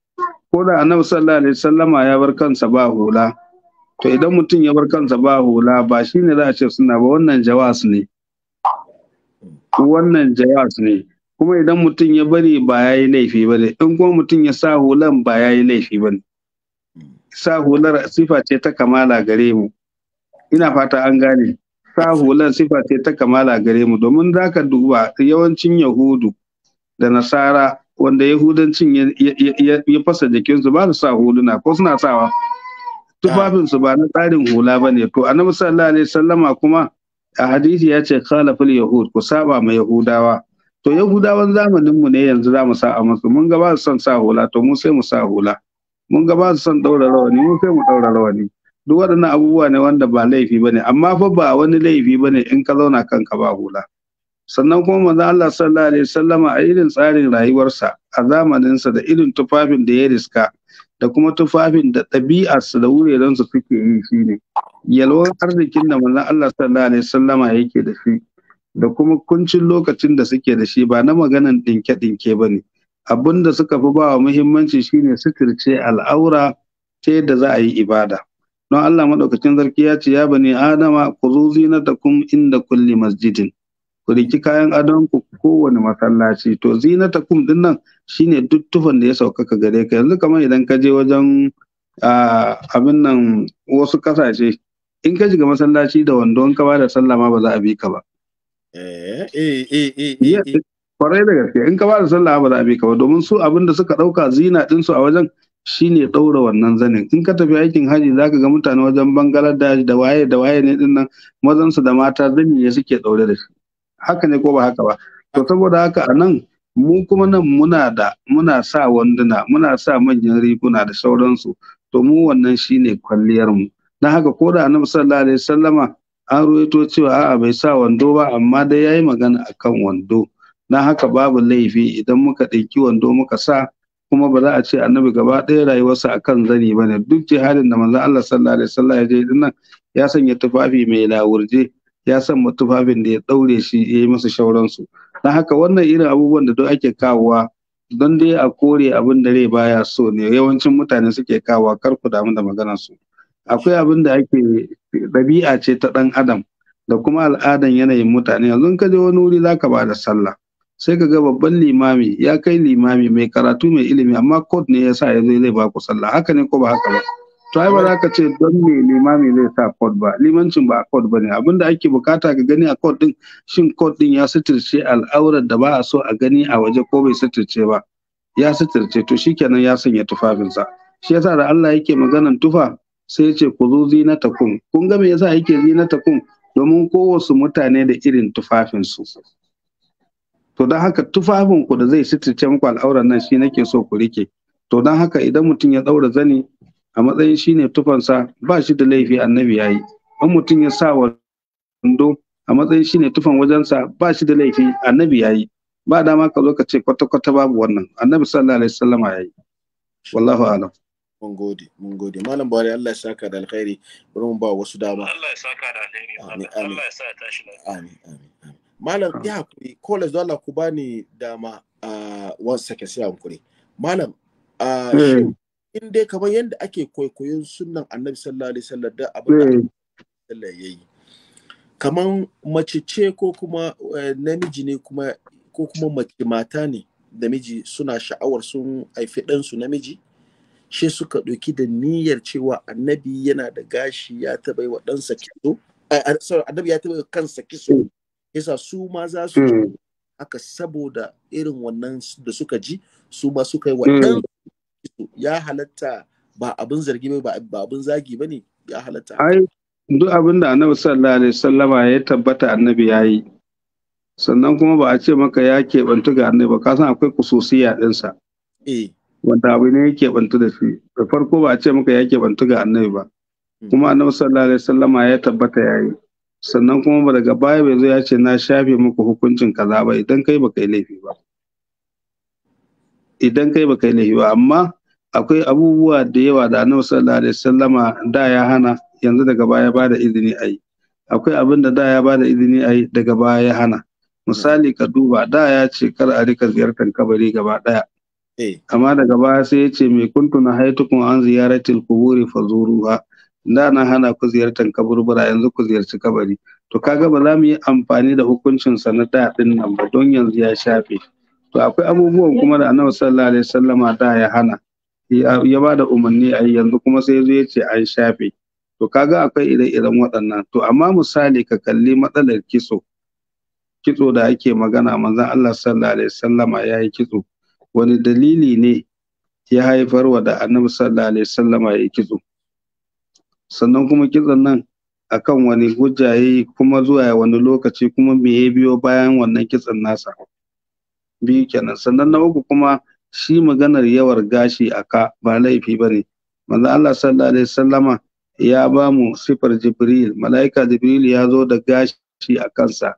S2: ko da annabi sallallahu alaihi wasallam ya bar kansa ba hula to idan mutum ya bar kansa ba hula ba shine za a ce suna ba wannan jawas ne hmm. wannan jawas ne kuma idan mutum ya bari ba ya yi laifi ba ne in kuma mutum ya sa hulan ba ya yi laifi ba ne sa hular sifa ce ta kamala gare mu ina fata an gane sa hular sifa ce ta kamala gare mu domin za ka duba yawancin yahudu da nasara wanda yahudancin ya fasa jikinsu ba su sa huluna ko suna sawa tufafinsu ba na tsarin hula ba ne to annabi sallallahu alaihi sallama kuma a hadisi ya ce khalafil yahud ku saba ma yahudawa to yahudawan zamanin mu ne yanzu za mu sa a musu, mun ga ba su son sa hula to mu sai mu sa hula mun ga ba su son daura rawani mun sai mu daura rawani duk waɗannan abubuwa ne wanda ba laifi bane amma fa ba wani laifi bane in ka zauna kanka ba hula sannan kuma manzo Allah sallallahu alaihi wasallama a irin tsarin rayuwarsa a zamaninsa da irin tufafin da ya riska da kuma tufafin da ɗabi'arsa da wurerensa ransa suke yi shine yalwar arzikin da manzo Allah sallallahu alaihi wasallama yake da shi da kuma kuncin lokacin da suke da shi ba na maganan ɗinke-ɗinke ba ne abin da suka fi bawa muhimmanci shine suturce al'aura ce da za a yi ibada don Allah maɗaukacin sarki ya ce ya bani adama ku zo zinatakum inda kulli masjidin ku riki kayan adon ku kowane masallaci to zinatakum din nan shine duk tufan da ya saukaka gare ka yanzu kamar idan ka je wajen abin nan wasu kasashe in ka shiga masallaci da wando in ka ba da sallama ba za a bi ka ba
S1: Eh, eh,
S2: eh, kwarai da gaske in ka ba da sallah ba za a bi ka ba domin su abin da suka ɗauka zina ɗinsu a wajen shine ɗaura wannan zanin in ka tafi aikin haji zaka ga mutane wajen bangaladesh da waye da waye ne ɗin nan su da mata zani ne suke daure da shi haka ne ko ba haka ba to saboda haka a nan mu kuma nan muna da muna sa wanduna muna sa manyan riguna da sauransu to mu wannan shine kwalliyar mu dan haka ko da annabi sallallahu alaihi wasallama an ruwaito cewa a'a bai sa wando ba amma dai yayi magana akan wando na haka babu laifi idan muka ɗinki wando muka sa kuma ba za a ce annabi gaba ɗaya rayuwarsa akan zani ba ne duk halin da manzo Allah sallallahu alaihi wasallam ya je nan ya sanya tufafi mai lawurje ya san tufafin da ya ɗaure shi ya yi masa shauransu na haka wannan irin abubuwan da duk ake kawowa don dai a kore abin da rai baya so ne yawancin mutane suke kawowa kar ku damu da maganar su akwai abin da ake ɗabi'a ce ta ɗan adam da kuma al'adan yanayin mutane yanzu ka je wani wuri zaka ba da sallah sai ka ga babban limami ya kai limami mai karatu mai ilimi amma kot ne ya sa ya zai baku ku sallah haka ne ko ba haka ba to ai ba za ka ce don me limami zai sa kot ba limancin ba kot ba ne abinda ake bukata ka gani a kot din shin kot din ya suturce al'aurar da ba a so a gani a waje ko bai suturce ba ya suturce to shikenan ya sanya tufafinsa shi yasa da Allah yake maganan tufa sai ce ku zo zinata kun ga me yasa yake kun domin kowace mutane da irin tufafinsu to don haka tufafinku da zai sitirce muku al'auran nan shi nake so ku rike to don haka idan mutum ya daura zani a matsayin shine tufansa ba shi da laifi annabi ya yi in mutum ya sa wando a matsayin shine tufan wajensa ba shi da laifi annabi yayi ba dama ka zo ka ce kwata-kwata babu wannan annabi sallallahu alaihi wasallama ya wallahu alam mun gode mun gode malam bari Allah ya saka da alkhairi wurin ba
S1: wasu dama Allah ya saka da alkhairi Allah
S2: ya sa tashi lafiya
S1: amin amin malam ya hakuri college don Allah ku bani dama ah, a one sake sai hakuri malam ah, hmm. in dai kamar yadda ake kwaikwayon sunnan annabi sallallahu alaihi wasallam da abin da hmm. Allah ya yi kamar mace ce ko kuma eh, namiji ne kuma ko kuma mace mata ne da miji suna sha'awar sun haifi ɗansu namiji shi suka ɗauki da niyyar cewa annabi yana da gashi ya taɓa yi wa ɗansa kiso eh, eh, annabi ya taɓa kansa kiso hmm. yasa su ma za su hmm. haka saboda irin wannan da suka ji su ma suka yi wa hmm. ɗansa kiso ya halatta ba abin zargi ba ba abin zagi ba ne ya halatta ai
S2: duk abin da annabi sallallahu alaihi wasallama ya tabbata annabi ya yi sannan kuma ba a ce maka ya keɓantu ga annabi ba ka san akwai kusosiya ɗinsa eh wanda abu ne yake bantu da shi da farko ba a ce maka yake bantu ga annabi ba hmm. kuma annabi sallallahu alaihi wasallama ya tabbata yayi sannan kuma ba daga baya bai zo ya ce na shafe muku hukuncin kaza ba idan kai ba kai laifi ba idan kai ba kai laifi ba amma akwai abubuwa da yawa da annabi sallallahu alaihi wasallama da ya hana yanzu daga baya ba da izini ayi akwai abin da da ya ba da izini ayi daga baya ya hana misali ka duba da ya ce kar a rika ziyartar kabari gaba daya Eh. amma daga baya sai ya ce mai kuntu na haitukun an ziyaratil kuburi fa zuruha da na hana ku ziyartar kaburbura yanzu ku ziyarci kabari to kaga ba za mu yi amfani da hukuncin sa na da din nan ba don yanzu ya shafe to akwai abubuwan kuma da annabi sallallahu alaihi wasallama da ya hana ya ba da umarni a yanzu kuma sai ya ce an shafe to kaga akwai ire-iren waɗannan to amma misali ka kalli matsalar kitso kitso da ake magana manzon Allah sallallahu alaihi wasallama ya yi kitso wani dalili ne ya haifar wa da annabi sallallahu alaihi wasallama ya kitso sannan kuma kitson nan akan wani hujja kuma zuwa wani lokaci kuma me ya biyo bayan wannan kitson nasa biyu kenan sannan na uku kuma shi maganar yawar gashi a ka ba laifi ba ne manzo Allah sallallahu alaihi wasallama ya ba mu sifar Jibril malaika Jibril ya zo da gashi a kansa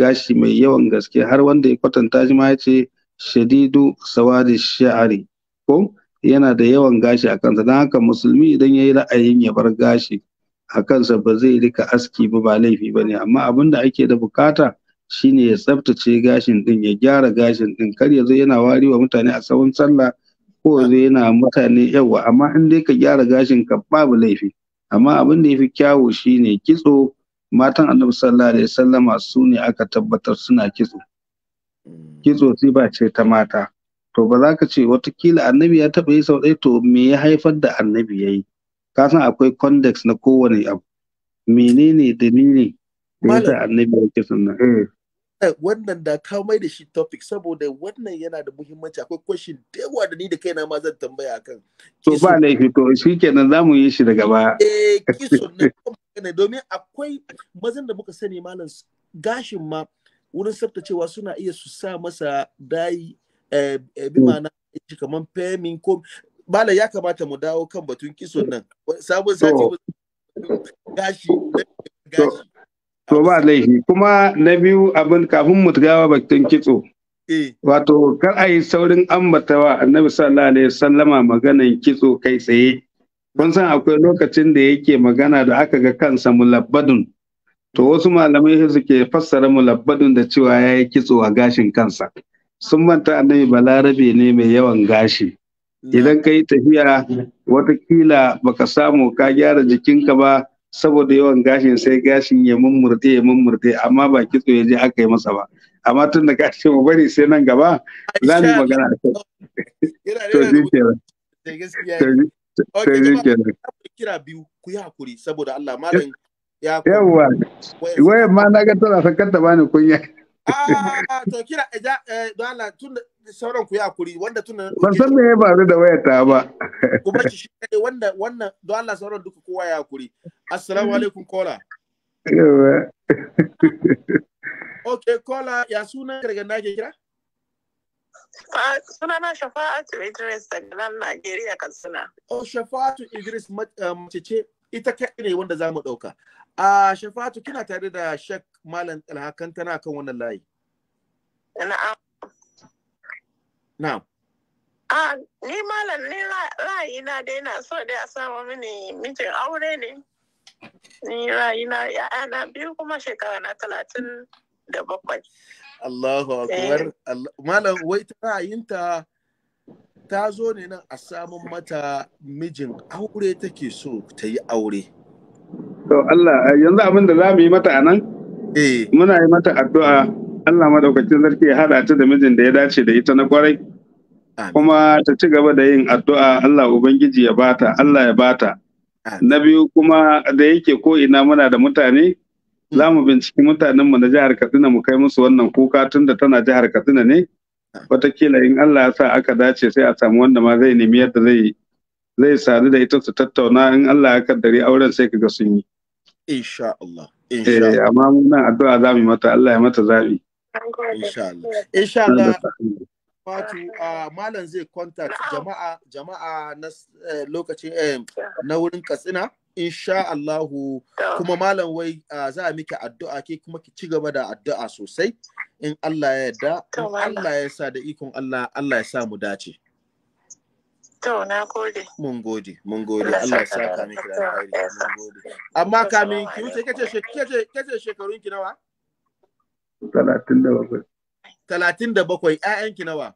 S2: gashi mai yawan gaske har wanda ya kwatanta shi ma ya ce shadidu sawadi sha'ari ko yana da yawan gashi a kansa don haka musulmi idan ya yi ra'ayin ya bar gashi a kansa ba zai rika aski ba ba laifi ba ne amma abin da ake da bukata shine ya tsaftace gashin din ya gyara gashin din kar ya zo yana wari wa mutane a tsawon sallah ko ya yana mutane yawa amma in dai ka gyara gashin ka babu laifi amma abin da yafi kyawu shine kitso matan annabi sallallahu alaihi wasallama su ne aka tabbatar suna kitso kitso ba ce ta mata to ba za ka ce watakila annabi ya taɓa yi sau ɗaya to me ya haifar da annabi ya yi ka san akwai context na kowane abu menene dalili da ya sa annabi ya kisan nan eh. Eh, wannan da
S1: ka mai da shi topic saboda wannan yana da muhimmanci akwai question da yawa da ni da kaina ma zan tambaya akan
S2: to ba laifi to shikenan za mu yi shi daga baya eh kiso
S1: ne domin akwai mazan da muka sani malam gashin ma wurin tsaftacewa suna iya su sa masa dayi eh, eh, bi hmm. ma'ana shi kamar femin ko bala ya kamata mu dawo kan batun kiso nan sabon sati gashi
S2: gashi to ba laifi kuma na biyu abin kafin mu gawa batun kitso eh. wato kar a yi saurin ambatawa annabi sallallahu alaihi wasallama maganan kitso kai tsaye kun san akwai lokacin da yake magana da aka ga kansa mulabbadun To wasu malamai suke fassara mulabbadin da cewa ya yi kitso a gashin kansa. Sun manta annabi balarabe ne mai yawan gashi. Idan ka yi tafiya watakila baka samu ka gyara jikinka ba saboda yawan gashin sai gashin ya mummurte ya mummurte amma ba kitso ya je aka yi masa ba. Amma tun da ka mu bari sai nan gaba za mu magana a kai. To shi To
S1: Kira biyu ku yi hakuri saboda Allah malam
S2: yawwa wai ma na ga tana sakar ta bani kunya a
S1: ah, to kira eh, ja eh, don Allah tun sauran ku ya kuri wanda tun ban
S2: san me ya faru da wayar ta ba kuma shi
S1: kai wanda wannan don Allah sauran duka kowa ya kuri assalamu alaikum kola yawwa okay kola ya sunan
S3: daga nake kira ah, Sunana Shafa'atu Idris daga nan Najeriya suna.
S1: Oh, Shafa'atu Idris eh, mace ce ita kai ne wanda za mu ɗauka. A Shafatu kina tare da Shek Malam Alhakan tana kan wannan layi.
S3: Na'am. Na'am. A ni malam ne
S2: ra'ayi na dai na so dai a samu mini mijin aure ne.
S1: Ni ra'ayi na
S2: ya'yana biyu kuma shekara na talatin da bakwai.
S1: Allahu akbar. Eh. Malam wai ta ra'ayinta ta zo ne nan a samun mata mijin aure take so ta yi aure.
S2: to Allah eh, yanzu abin da za mu yi mata a nan eh. muna yi mata addu'a Allah maɗaukacin sarki ya hada ta da mijin da ya dace da ita na kwarai kuma ta ci gaba da yin addu'a Allah ubangiji ya bata Allah ya bata na biyu kuma da yake ko ina muna da mutane hmm. za mu binciki mutanenmu na jihar Katsina mu kai musu wannan kuka tun da tana jihar Katsina ne watakila in Allah ya sa aka dace sai a samu wanda ma zai nemi yadda zai zai sadu da ita su tattauna in Allah ya kaddare auren sai kaga sun yi insha Allah eh amma muna addu'a za mu mata Allah ya mata zabi insha Allah
S1: insha Allah Fatu a ah, malam zai contact jama'a jama'a na eh, lokacin eh, na wurin Katsina insha Allah kuma malam wai ah, za a miki addu'a ke kuma ki ci gaba da addu'a sosai in Allah ya yarda in Allah ya sa da ikon Allah Allah ya sa mu dace
S3: To, na gode.
S1: Mun gode, mun gode. Allah sa ka miki da
S3: alheri. Mun gode. Amma kamin
S1: ki wuce kace kace kace shekarun ki nawa? 37. 37 ƴaƴan ki nawa?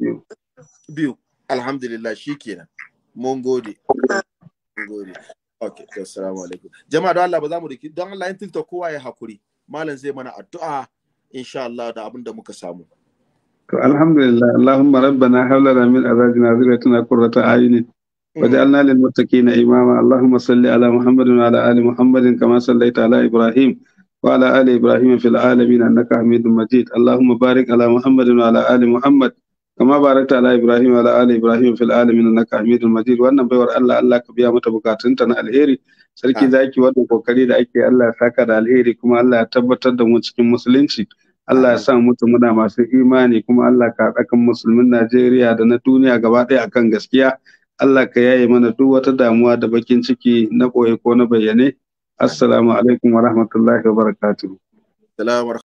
S1: Biyu. Biyu. Alhamdulillah shikenan. Mun gode. Mun gode. Okay, assalamu alaikum. Jama'a don Allah ba za mu riki don Allah in tilta kowa ya hakuri. Malam zai mana addu'a insha Allah da abin da muka samu.
S2: to alhamdulillah allahumma rabbana hab lana min azwajina dhurriyyatina qurrata a'yunin waj'alna lil muttaqina imama allahumma salli ala muhammadin wa muhammadin kama sallaita ala ibrahim wa ala ali ibrahim fil alamin annaka hamidum majid allahumma barik ala muhammadin wa muhammad kama barakta ala ibrahim ala ali ibrahim fil alamin annaka hamidum majid wannan baiwar Allah Allah ka biya mata bukatunta na alheri sarki zaki wannan kokari da ake Allah ya saka da alheri kuma Allah ya tabbatar da mu cikin musulunci Allah ya sa mutu muna masu imani kuma Allah ka haɗa kan musulmin Najeriya da na duniya gaba ɗaya akan gaskiya Allah ka yaye mana duk wata damuwa da bakin ciki na ɓoye ko na bayyane assalamu alaikum wa rahmatullahi wa barakatuhu